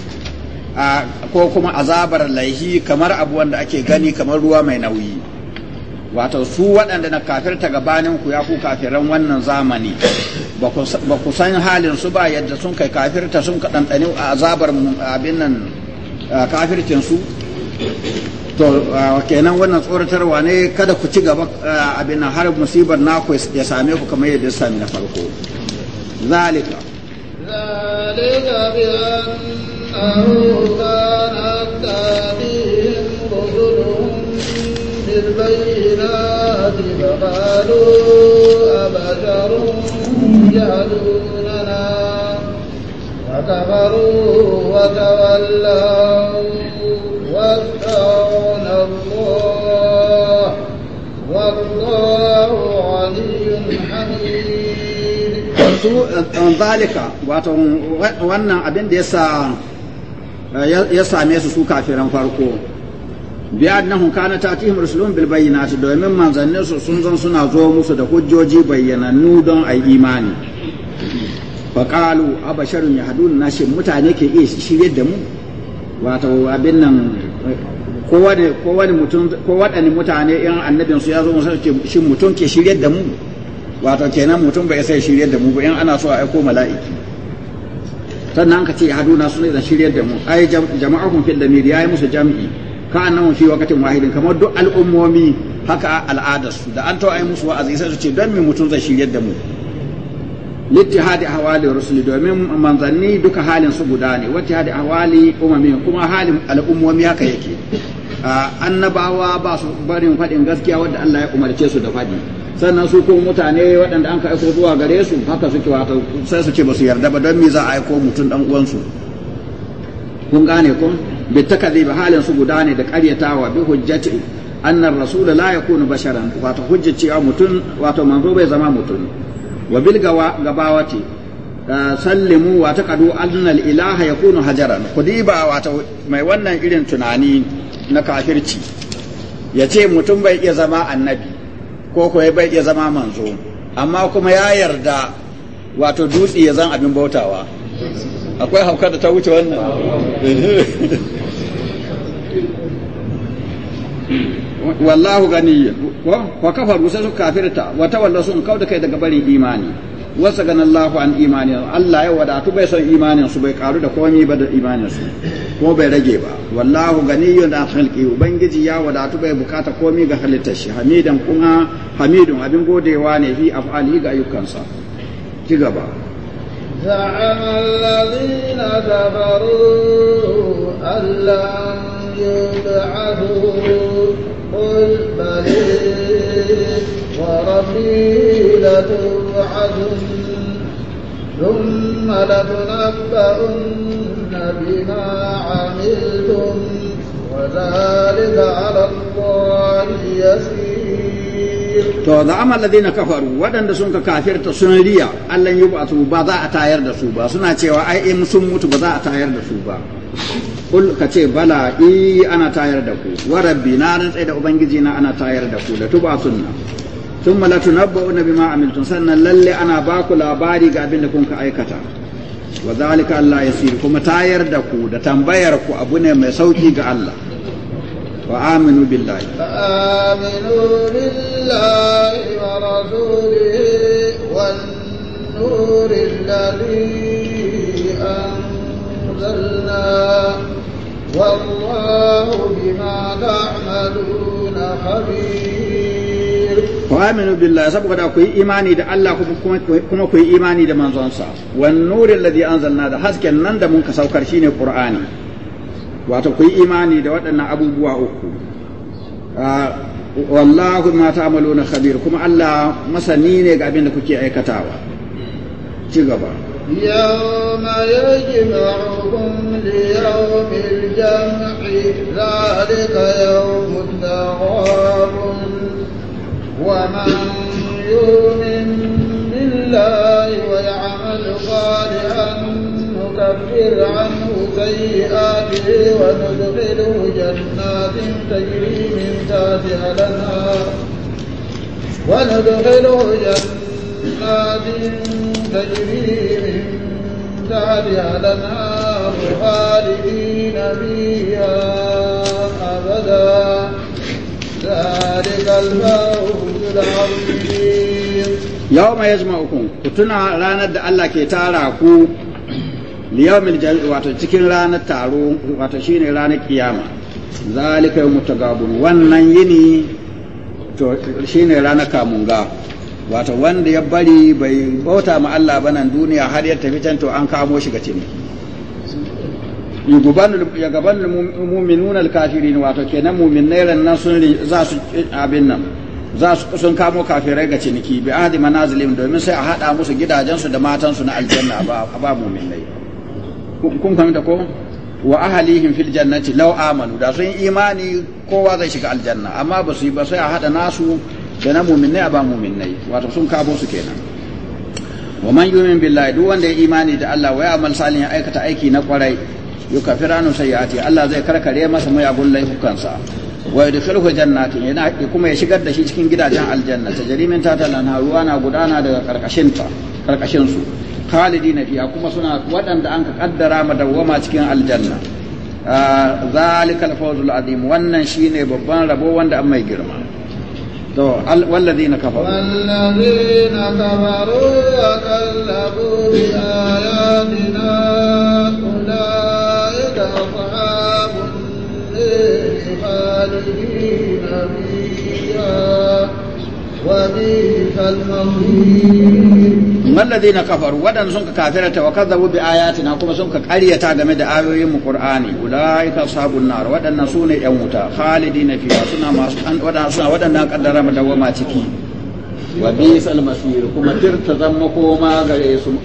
ko kuma azabar laihi kamar abu wanda ake gani kamar ruwa mai nauyi wato su waɗanda na kafirta gabanin ku ya ku kafiran wannan zamani ba ku san halin su ba yadda sun kai kafirta sun kaɗanɗani a azabar abin nan Eh, kafircin su to eh, kenan wannan tsoratarwa ne kada ku ci gaba eh, abin har musibar naku ya same ku kamar yadda ya sami na farko zalika zalika bi annahu kana فكفروا وتولوا واستعون الله والله علي حميد su eh, zalika wato wannan abin da eh, ya same su su kafiran farko bi annahum kana tihim rusulun bil bayyinati domin manzannin su sun zan suna zo musu da hujjoji bayyanannu don ai imani faƙalu a basharun ya haɗu na shi mutane ke iya shiryar da mu wato abin nan ko waɗanne mutane in annabin su ya zo musu shi mutum ke shiryar da mu wato kenan mutum bai sai shiryar da mu ba in ana so a aiko mala'iki sannan ka ce ya haduna suna da shiryar da mu ai jama'ahum fil ya yi musu jam'i ka nawa fi wakatin wahidin kamar duk al'ummomi haka al'adarsu da an to yi musu wa'azi sai su ce don me mutum zai shiryar da mu littihadi ahwali rusul domin manzanni duka halin su guda ne wattihadi ahwali umami kuma halin al'ummomi haka yake annabawa ba su barin faɗin gaskiya wadda Allah ya umarce su da faɗi sannan su ko mutane waɗanda an ka aiko zuwa gare su haka suke wato sai su ce ba su yarda ba don me za a aiko mutum dan uwansu kun gane ko bi takadhibi halin su guda ne da ƙaryatawa bi hujjati annar rasul la yakunu basharan wato hujjaci mutum wato manzo bai zama mutum wa bil gabawati sallimu wa taqadu annal ilaha yakunu hajaran kudiba wata mai wannan irin tunani na kafirci ya ce mutum bai iya zama annabi ko ya bai iya zama manzo amma kuma ya yarda wato dutse ya zan abin bautawa akwai hauka da ta wuce wannan wallahu ganiyya wa kafaru sai su kafirta wa tawalla su kauda kai daga bari imani wasa ganin Allahu an imani Allah ya wadatu bai son imanin su bai karu da komai ba da imanin su ko bai rage ba wallahu ganiyun an khalqi ubangiji ya wadatu bai bukata komai ga halittar shi hamidan kuma hamidun abin godewa ne fi af'ali ga ayyukansa ki gaba زعم الذين كفروا أن لن يبعثوا المريض ورفيلة توعدون ثم لتنبؤن بما عملتم وذلك على الله يسير to da amal ladina kafaru waɗanda sun ka kafirta sun riya Allah yi ba ba za a tayar da su ba suna cewa ai in sun mutu ba za a tayar da su ba kul ka ce bala i ana tayar da ku wa rabbi na rantsai da ubangiji na ana tayar da ku da tuba sunna thumma la tunabbauna bima amiltum sannan lalle ana ba ku labari ga abin da kun ka aikata wa zalika Allah yasir kuma tayar da ku da tambayar ku abu ne mai sauki ga Allah wa aminu billahi aminu billahi wa rasulihi wan nuril ladhi anzalna والله بما تعملون خبير وآمنوا بالله سبق imani da Allah kuma kuyi imani da manzonsa wan anzalna da hasken nan da mun shine qur'ani wato imani da waɗannan abubuwa uku wallahu kuma Allah masani ne ga abin da kuke aikatawa ci gaba يوم يجمعكم ليوم الجمع ذلك يوم التغابن ومن يؤمن بالله ويعمل صالحا نكفر عنه سيئاته وندخله جنات تجري من تحتها الانهار وندخله جنات جنات تجري من تحتها الأنهار خالدين فيها أبدا ذلك الفوز العظيم يوم يجمعكم كتنا الله كي تاراكو wato cikin ranar taro wato shine ranar kiyama zalika yawmut tagabun wannan yini to shine ranar kamunga wato wanda ya bari bai bauta ma Allah ba nan duniya har ya tafi can to an kamo shi ga ciniki ya gaban mu'minun al-kafirin wato kenan mu'minai ran nan sun za su abin nan za su sun kamo kafirai ga ciniki bi ahdi manazilim domin sai a hada musu gidajensu da matansu na aljanna ba ba mu'minai kun fahimta ko wa ahlihim fil jannati law amanu da sun imani kowa zai shiga aljanna amma ba su yi ba sai a hada nasu da na mu'minnai a ba mu'minnai wato sun kabo su kenan wa man yu'min billahi duk wanda ya imani da Allah wa ya'mal ya aikata aiki na kwarai yukafiranu sayyiati Allah zai karkare masa muyagun laifukansa wa yadkhuluhu jannatin yana kuma ya shigar da shi cikin gidajen aljanna ta jarimin tahtiha al haruwa na gudana daga karkashin ta karkashin su khalidina fiha kuma suna wadanda an ka kaddara madawwama cikin aljanna ah, zalika fawzul azim wannan shine babban rabo wanda an mai girma to wallazina kafaru wallazina wa kallabu bi ayatina ulaika ashabun nar وبئس الذين كفروا ودن سنك كافرة وكذبوا بآياتنا كما سنك قرية تاغمد آيوهم القرآن أولئك أصحاب النار ودن سنة يموتا خالدين فيها سنة ما ودن سنة ودن قدر دوما تكي وبيس المصير كما ترت ترتزمكو ما غريسم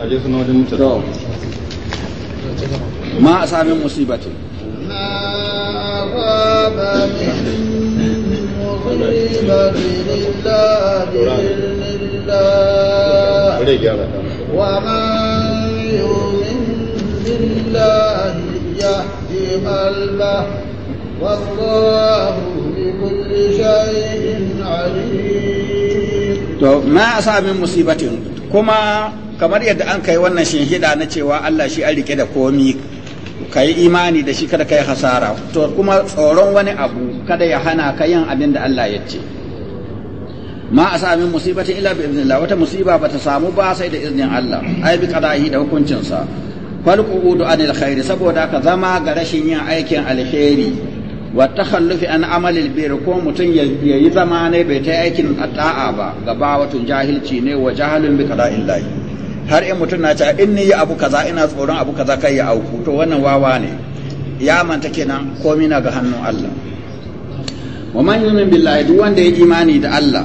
حديثنا ودن متدو ما أصاب مصيبة ما To, sa min musibatin kuma kamar yadda an kai wannan shinhida na cewa Allah shi an rike da komi ka yi imani da shi kada ka yi hasara to kuma tsoron wani abu kada ya hana ka yin abin da Allah ya ce ma a sami musibatin illa bi iznillah wata musiba bata samu ba sai da iznin Allah ai bi qadahi da hukuncin sa fal qu'udu anil khair saboda ka zama ga rashin yin aikin alheri wa takhallufi an amalil bir ko mutun yayi zama ne bai ta aikin ta'a ba gaba wato jahilci ne wa jahalun bi illahi har in mutum na ce ah, in ni yi abu kaza ina tsoron abu kaza kai ya auku to wannan wawa ne ya manta kenan komi na ga hannun Allah wa man yu'min billahi duk wanda ya imani da Allah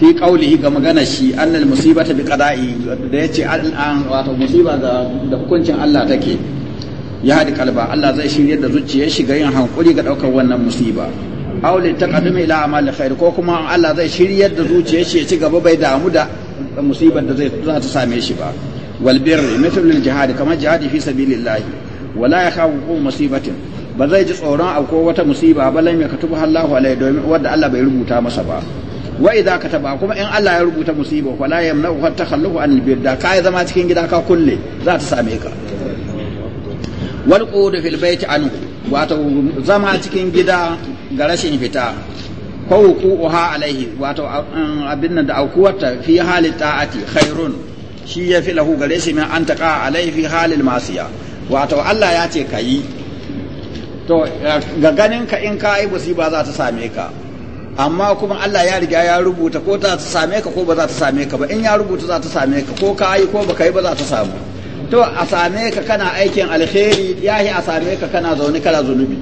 fi qaulihi ga magana shi annal musibata bi qada'i da yace an wato musiba ga da hukuncin Allah take ya hadi kalba Allah zai shirye da zuciyar shi ga yin hankuri ga daukar wannan musiba aw li taqaddama ila amali khair ko kuma Allah zai shirye da zuciyar shi ya ci gaba bai damu da musibar da zai za ta same shi ba wal birri mithl al jihad kamar jihadi fi sabilillah wala yakhafu musibatin ba zai ji tsoron akwai wata musiba ba lam yakatubu Allahu alai domin wanda Allah bai rubuta masa ba wa idza kataba kuma in Allah ya rubuta musiba fala yamna'u hatta takhalluhu anil bir ka kai zama cikin gida ka kulle za ta same ka wal qud fil bayt anhu wato zama cikin gida ga rashin fita ko wuqu'uha alaihi wato uh, abin da aukuwata fi hali ta'ati khairun shi ya fi lahu gare shi min an taqa alaihi fi halil masiya wato Allah ya ce kayi to uh, ga ganin ka in ka yi musiba za ta same ka amma kuma Allah ya riga ya rubuta ko ta same ka ko ba za ta same ka ba in ya rubuta za ta same ka ko ka yi ko ba ka yi ba za ta samu to a same ka kana aikin alheri yahi a same ka kana zaune kana zunubi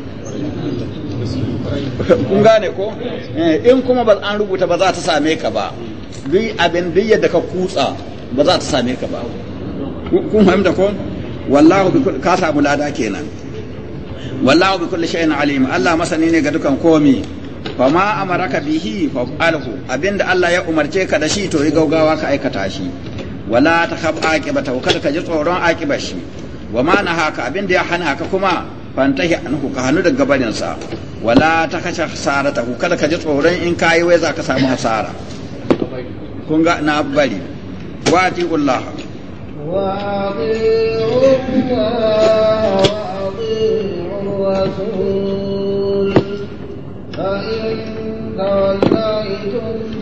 kun gane ko eh, in kuma ba an rubuta ba za ta same ka ba duk abin duk yadda ka kutsa ba za ta same ka ba kun fahimta ko wallahu bi ka samu lada kenan wallahu bi kulli shay'in alim Allah masani ne ga dukan komi fa ma amaraka bihi fa alhu abinda Allah ya umarce ka da shi to yi gaugawa ka aikata shi wala ta khab aqibata kada ka ji tsoron aqibar shi wa ma haka? abinda ya hana ka kuma fantahi anhu ka hanu daga barinsa wala ta kashe hasarata ku kada ka ji tsoron in ka yi wai za ka samu hasara kun ga na bari wa ti ullaha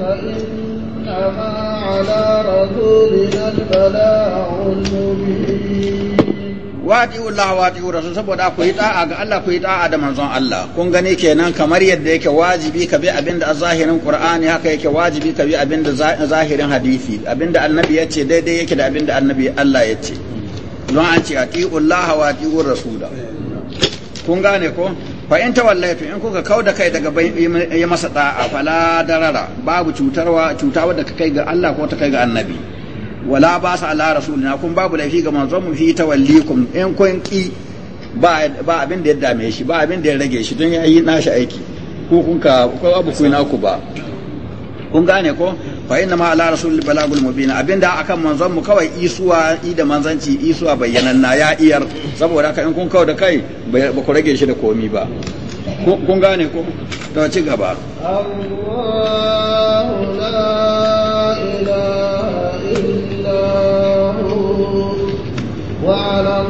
فإنما على رسولنا المبين wati'u Allah wati'u rasul saboda ku yi da'a ga Allah ku yi da'a da manzon Allah kun gani kenan kamar yadda yake wajibi ka bi abin da zahirin Qur'ani haka yake wajibi ka bi abin da zahirin hadisi abin da annabi ya ce daidai yake da abin da annabi Allah ya ce don an ce ati'u Allah wati'u Rasul kun gane ko fa in tawallaitu in kuka kauda kai daga yi masa da'a fala darara babu cutarwa cuta wadda ka kai ga Allah ko ta kai ga annabi wala ba sa ala rasulina kun babu laifi ga manzon mu fi tawallikum in kun ki ba ba abin da ya dame shi ba abin da ya rage shi don yayi nashi aiki ko kun ka ko abu ku ku ba kun gane ko fa inna ma ala rasul balagul mubin abinda akan manzon mu kawai isuwa i da manzanci isuwa bayyananna ya iyar saboda haka in kun kawo da kai ba ku rage shi da komi ba kun gane ko to ci gaba Allahu la ilaha وعلى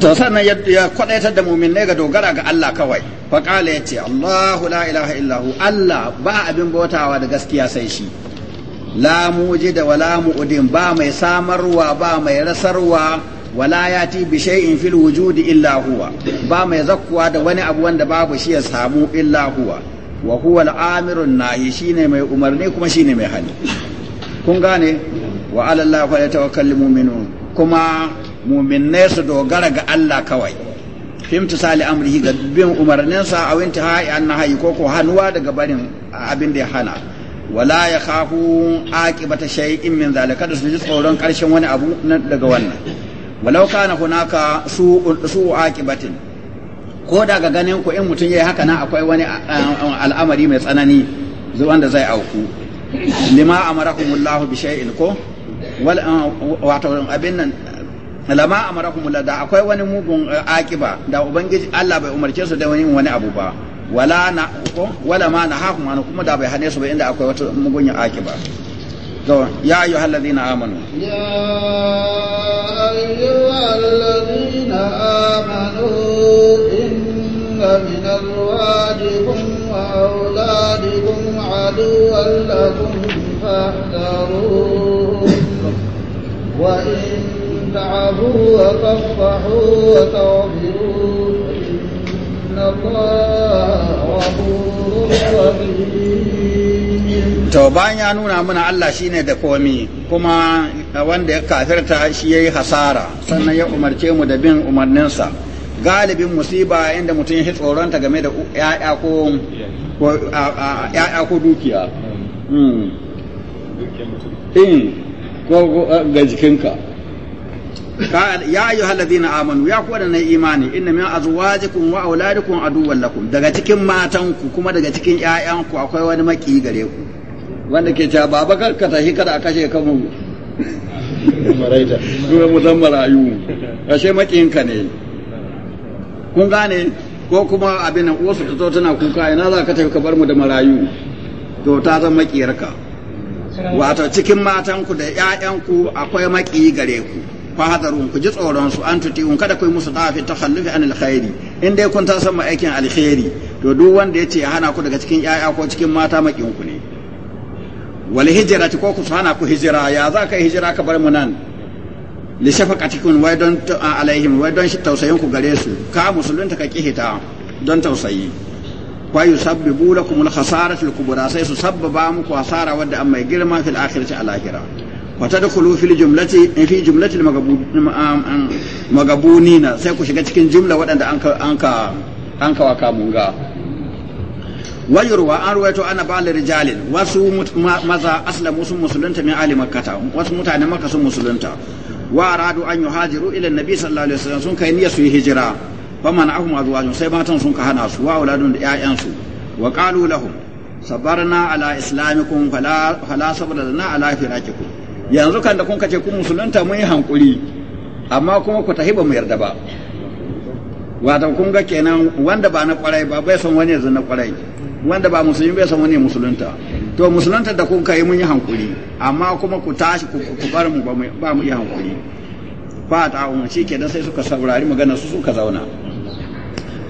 to sannan ya kwadaitar da ne ga dogara ga Allah kawai faƙala ya ce Allahu la ilaha illahu Allah ba abin bautawa da gaskiya sai shi la muji wa wala mu'udin ba mai samarwa ba mai rasarwa wala yati bi shay'in fil wujudi illa huwa ba mai zakkuwa da wani abu wanda babu shi ya samu illa huwa wa huwa al-amirun nahi shine mai umarni kuma shine mai hali kun gane wa ala Allah fa yatawakkalul mu'minun kuma mu'minai su dogara ga Allah kawai fimtu sali amrihi ga bin umarninsa a winta ha'i an nahayi ko ko hannuwa daga barin abin da ya hana wala ya khafu aqibata shay'in min zalika da su ji tsoron karshen wani abu daga wannan walau kana hunaka su su aqibatin ko da ga ganin ku in mutum ya haka nan akwai wani uh, uh, al'amari mai tsanani wanda zai auku lima amarakumullahu bi shay'in ko wal uh, wato abin nan lama amarakumullahu da akwai wani mugun akiba da ubangiji Allah bai umarce su da wani wani abu ba wala na ko wala ma na hakum an kuma da bai hane su ba inda akwai wata mugun akiba to ya ayyuhal ladina amanu ya ayyuhal ladina amanu فمن أزواجكم وأولادكم عدوا لكم فاحذروهم وإن تعفوا وتصفحوا وتغفروا فإن الله غفور رحيم to bayan ya nuna mana Allah shi ne da komi kuma wanda ya kafirta shi ya yi hasara sannan ya umarce mu da bin umarninsa galibin musiba inda mutum ya tsoronta game da ya'ya ko ya'ya ko dukiya hmm. Hmm. ko ga jikinka ya ayyuha alladhina amanu ya kuwa na imani inna min azwajikum wa auladikum aduwwan lakum daga cikin matanku kuma daga cikin ƴaƴanku akwai wani maki gare ku wanda ke cewa baba kar ka ta kada a kashe ka mu maraita mu san marayu ashe makinka ne kun gane ko kuma abin nan uwarsu ta zo tana kuka ina za ka tafi ka bar mu da marayu to ta zama makiyarka wato cikin matanku da ƴaƴanku akwai maƙi gare ku fahadharun ku ji tsoron su an tuti un kada ku musu tafi takhallufi anil khairi in dai kun ta san aikin alkhairi to duk wanda yace ya hana ku daga cikin ƴaƴa ko cikin mata maƙiyin ku ne wal hijrati ko ku hana ku hijira ya za ka hijira ka bar mu nan li shafaqatikum wai don alaihim wai don shi tausayin ku gare su ka musulunta ka kihita don tausayi wa yusabbibu lakum al-khasara fil kubra sai su sabbaba muku asara wadda amma girma fil akhirati al akhira wa tadkhulu fil jumlati fi jumlati um, um, magabunina sai ku shiga cikin jumla waɗanda an ka an ka waka munga wayurwa an ruwaito ana ba rijalin wasu maza aslamu sun musulunta min ali makkata wasu mutanen makka sun musulunta wa aradu an yuhajiru ila annabi sallallahu alaihi wasallam sun kai niyya su yi hijira faman ahum azwajun sai matan sun ka hana su wa auladun da ƴaƴan su wa qalu lahum sabarna ala islamikum fala fala sabra ala firaqikum yanzu kan da kun kace kun musulunta mun yi hankuri amma kuma ku tahiba mu yarda ba wato kun ga kenan wanda ba na kwarai ba bai son wani yanzu na kwarai wanda ba musulmi bai son wani musulunta to musulunta da kun kai mun yi hankuri amma kuma ku tashi ku bar mu ba mu yi hankuri ba ta umma shike da sai suka saurari magana su suka zauna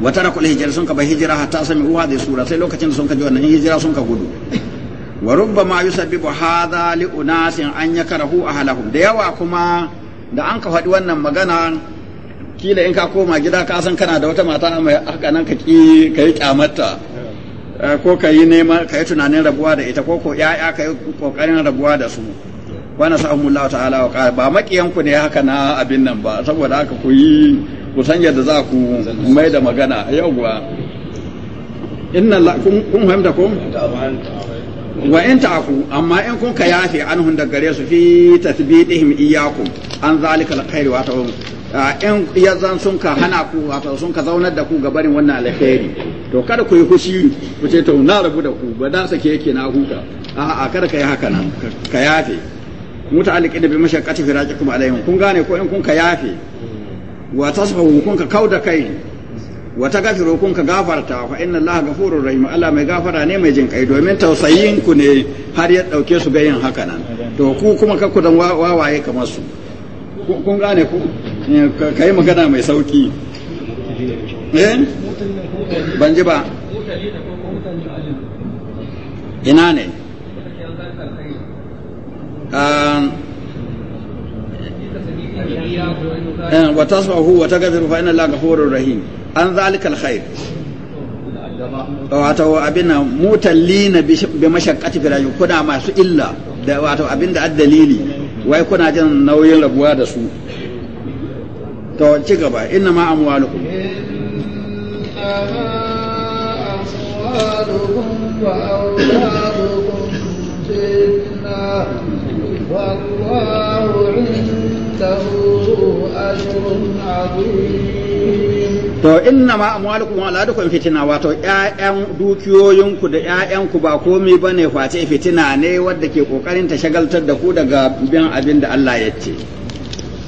wata da al hijira sun ka bai hijira hatta sami uwa da sura sai lokacin da sun ka ji wannan hijira sun ka gudu wa rubbama yusabbibu hadha li unasin an a ahlahum da yawa kuma da an ka faɗi wannan magana kila in ka koma gida ka san kana da wata mata mai haka nan ka ki kai ƙyamata. Eh, ko ka yi nema ka yi tunanin rabuwa da ita ko ko ya'ya ka yi kokarin rabuwa da su wa nasahumullahu ta'ala wa qala ba makiyanku ne haka na abin nan ba saboda haka ku yi ku san yadda za ku mai da magana yawwa inna la kun kun fahimta ko wa in ta'ku amma in kun ka an hun da gare su fi tathbitihim iyyakum an zalikal khair wa ta'um ah, in yazan sun ka hana ku wato sun ka zaunar da ku ga barin wannan alkhairi to kada ku yi fushi ku ce to na rabu da ku ba da sake yake na huta a'a kada ka yi haka nan ka yafe da bi firaki kuma alaihim kun gane ko in kun ka yafe wa tasfahu kun ka kauda kai wa tagfiru kun ka gafarta fa inna allaha ghafurur rahim Allah mai gafara ne mai jin kai domin tausayin ku ne har ya dauke su ga yin haka nan to ku kuma ka dan wawaye kamar su kun gane ku eh, kai magana mai sauki Eh? ban ji ba ina ne um, eh, wa tasfahu wa tagfiru fa inna allaha ghafurur rahim an zalika alkhair wato abin nan mutallina bi mashaqqati firaji kuna masu illa da wato abin da addalili wai kuna jin nauyin rabuwa da su to ci gaba inna ma amwalukum إنما أموالكم وأولادكم والله عنده أجر عظيم To inna ma amwalukum wa auladukum fitina wato ƴaƴan dukiyoyinku da ku ba komai bane face fitina ne wadda ke kokarin ta shagaltar da ku daga bin abin da Allah ya ce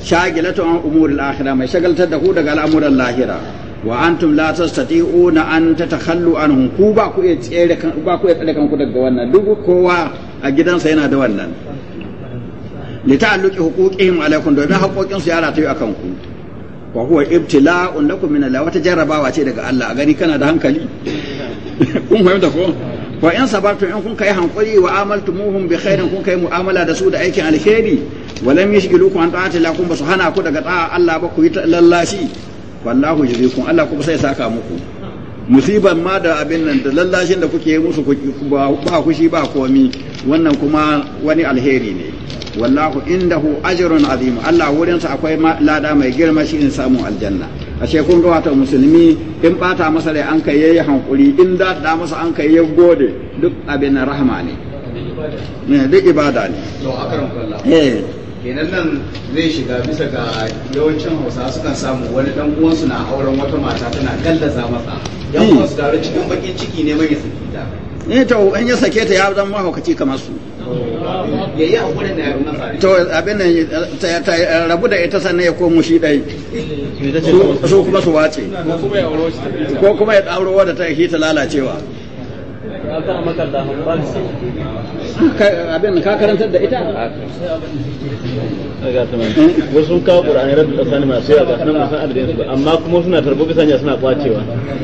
shagilatu an umuril akhirah mai shagaltar da ku daga al'amuran lahira wa antum la tastati'una an tatakhallu anhu ku ba ku iya tsere kan ba ku iya tsare kanku daga wannan duk kowa a gidansa yana da wannan li ta'alluqi huquqihim alaykum domin haƙoƙin su ya ratayu akan ku wa huwa ibtila'un lakum min Allah wata jarrabawa ce daga Allah a gani kana da hankali kun fahimta ko wa in sabartu in kun kai hankuri wa amaltumuhum bi khairin kun kai mu'amala da su da aikin alkhairi wa lam yashghilukum an ta'ati lakum basu hana ku daga ta'a Allah ba ku yi lallashi wallahu yuzikum Allah kuma sai saka muku musiban ma da abin nan da lallashin da kuke musu ba kushi ba komi wannan kuma wani alheri ne wallahu indahu ajrun azim Allah sa akwai lada mai girma shi in samu aljanna ashe kun ga wata musulmi in bata masa rai an kai yayi hankuri in da da masa an kai yayi gode duk abin rahama ne ne eh, duk ibada ne to akram eh kenan nan zai shiga bisa ga yawancin hausa sukan samu wani dan uwansu na auren wata mata tana gallaza masa yan hmm. uwansu tare cikin bakin ciki ne mai saki ta ne eh, to in ya sake ta ya zama mahaukaci kamar su yayi hakuri da yaro masa to abin nan ta rabu da ita sannan ya komo shi dai su kuma su wace ko kuma ya auro da ta shi ta lalacewa abin ka karantar da ita wasu K'a ƙura'ani rabbi ƙasani masu yawa ga nan musan adadin su amma kuma suna tarbo bisanya suna kwacewa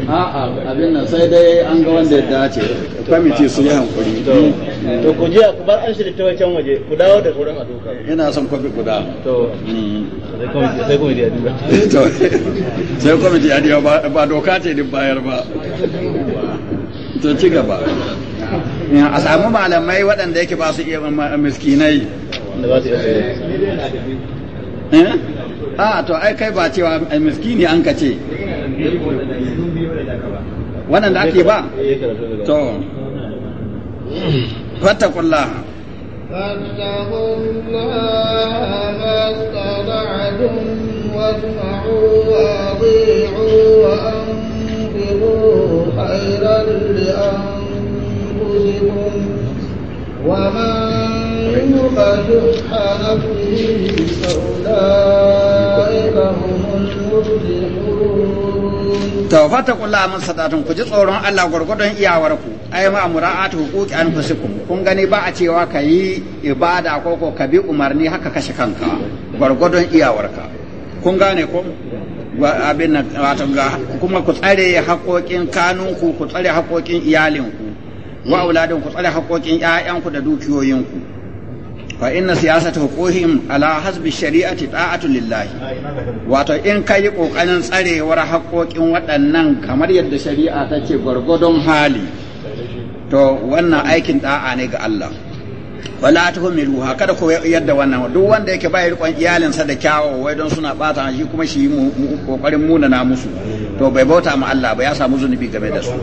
a'a abin nan sai dai an ga wanda ya dace kwamiti su yi hankuri to ku jiya ku bar an shirya ta wancan waje ku dawo da sauran a doka yana son kwafi guda to sai kwamiti ya duba sai kwamiti ya duba ba doka ce duk bayar ba to ci gaba a samu malamai waɗanda yake ba su iya miskinai eh? a to ai kai ba cewa miskini an ka ce waɗanda ake ba to fattakullaha فاتقوا الله ما استطعتم واسمعوا واطيعوا خيرا لأنفسكم ومن يوق شح نفسه فأولئك هم المفلحون to fata kula man sadatun ku ji tsoron Allah gwargwadon iyawar ku ai ma mura'atu huquqi anfusikum kun gani ba a cewa ka yi ibada ko ko ka bi umarni haka kashe kanka gwargwadon iyawarka kun gane ko wa abin nan wato ga kuma ku tsare haƙoƙin kanunku ku tsare haƙoƙin iyalinku wa auladin ku tsare haƙoƙin ƴaƴanku da dukiyoyinku fa inna siyasata huquqihim ala hasbi shari'ati ta'atu lillahi wato in kai kokarin tsarewar haƙoƙin waɗannan kamar yadda shari'a ta ce gwargwadon hali to wannan aikin da'a ne ga Allah wala tuhmiluha kada ku yadda wannan duk wanda yake bai rikon iyalinsa da kyawo wai don suna bata shi kuma shi kokarin munana musu to bai bauta ma Allah ba ya samu zunubi game da su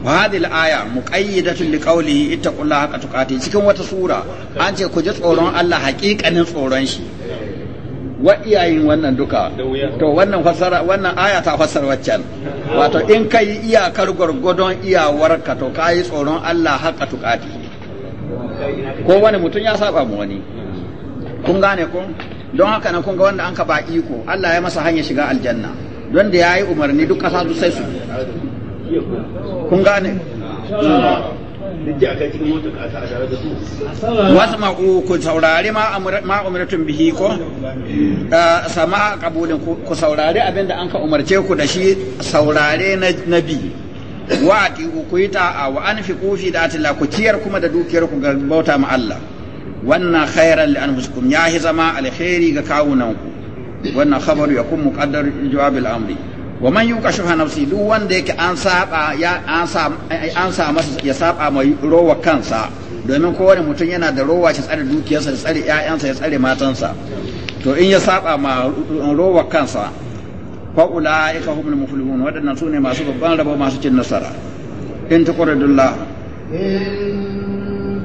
wa hadhihi aya muqayyidatun li ittaqullaha haqqa tuqati cikin wata sura an ce ku ji tsoron Allah haƙiƙanin tsoron shi wa iyayin wannan duka to wannan fassara wannan aya ta fassara waccan wato in kai iyakar gwargwadon iyawarka to kai tsoron Allah haqqa tuqati ko wani mutum ya saba mu wani kun gane kun don haka na kun ga wanda an ka ba iko Allah ya masa hanya shiga aljanna don da yayi umarni duk kasa su sai su kun gane wasu ma'u ku saurari ma umartun bihi ko eh, sama kabulin ku saurari abinda an ka umarce ku da shi saurare na bi wa ati ku yi ta'a wa an fi da'atillah ku ciyar kuma da dukiyar ku ga bauta ma Allah wannan khairan li anfusikum ya hi zama alkhairi ga kawunan ku wannan khabaru kun muqaddar jawabil amri wa man yuqa shuha nafsi duk wanda yake an saba ya an sa an sa masa ya saba mai rowa kansa domin kowane mutum yana da rowa shi tsare dukiyarsa ya tsare ƴaƴansa ya tsare matansa to in ya saba ma rowa kansa fa ulaika humul muflihun wadannan sune masu babban rabo masu cin nasara in tuqridullah in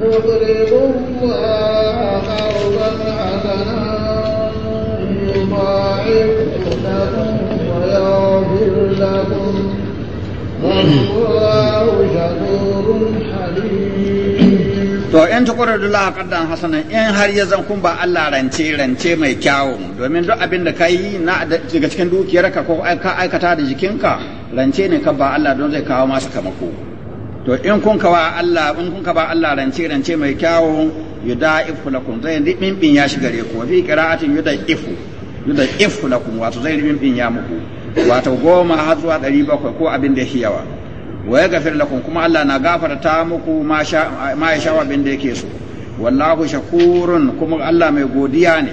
tuqridullah qardan to in a qaddan hasanan in har ya zan kun ba Allah rance rance mai kyawu domin duk abin da yi na daga cikin dukiyarka ko ka aikata da jikinka rance ne ka ba Allah don zai kawo masa kamako to in kun ka ba Allah in kun ka ba Allah rance rance mai kyawu yudaifu lakum zai rimin ya shi gare ku fi qira'atin yudaifu na lakum wato zai rimin ya muku wato goma har zuwa 700 ko abin da yawa wa gafir lakum kuma Allah na ta muku ma ya shawa abin da yake so wallahu shakurun kuma Allah mai godiya ne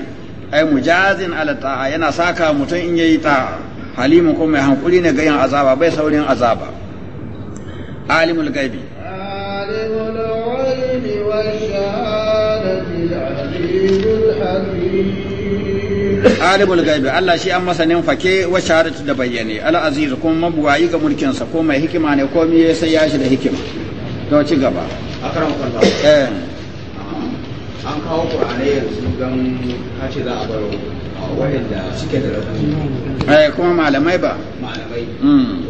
ai mujazin ala ta'a yana saka mutum in yayi ta halimu kuma mai hankuri ne ga yin azaba bai saurin azaba alimul gaibi alimul ghaibi wa shahadati al-azizul hakim alimul gaibi Allah shi an masanin fake wa sharatu da bayyane al aziz kuma mabuwayi ga mulkin sa ko mai hikima ne ko me sai ya shi da hikima to ci gaba akramu kallah eh an kawo qur'ani yanzu dan ce za a baro wayanda suke da rabu eh kuma malamai ba malamai mm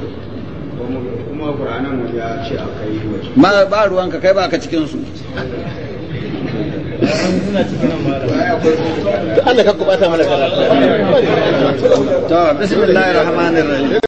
kuma qur'anin wani ya ce a kai waje ba ruwanka kai ba ka cikin su Allah ka kubata mana karatu. To, bismillahir rahmanir rahim.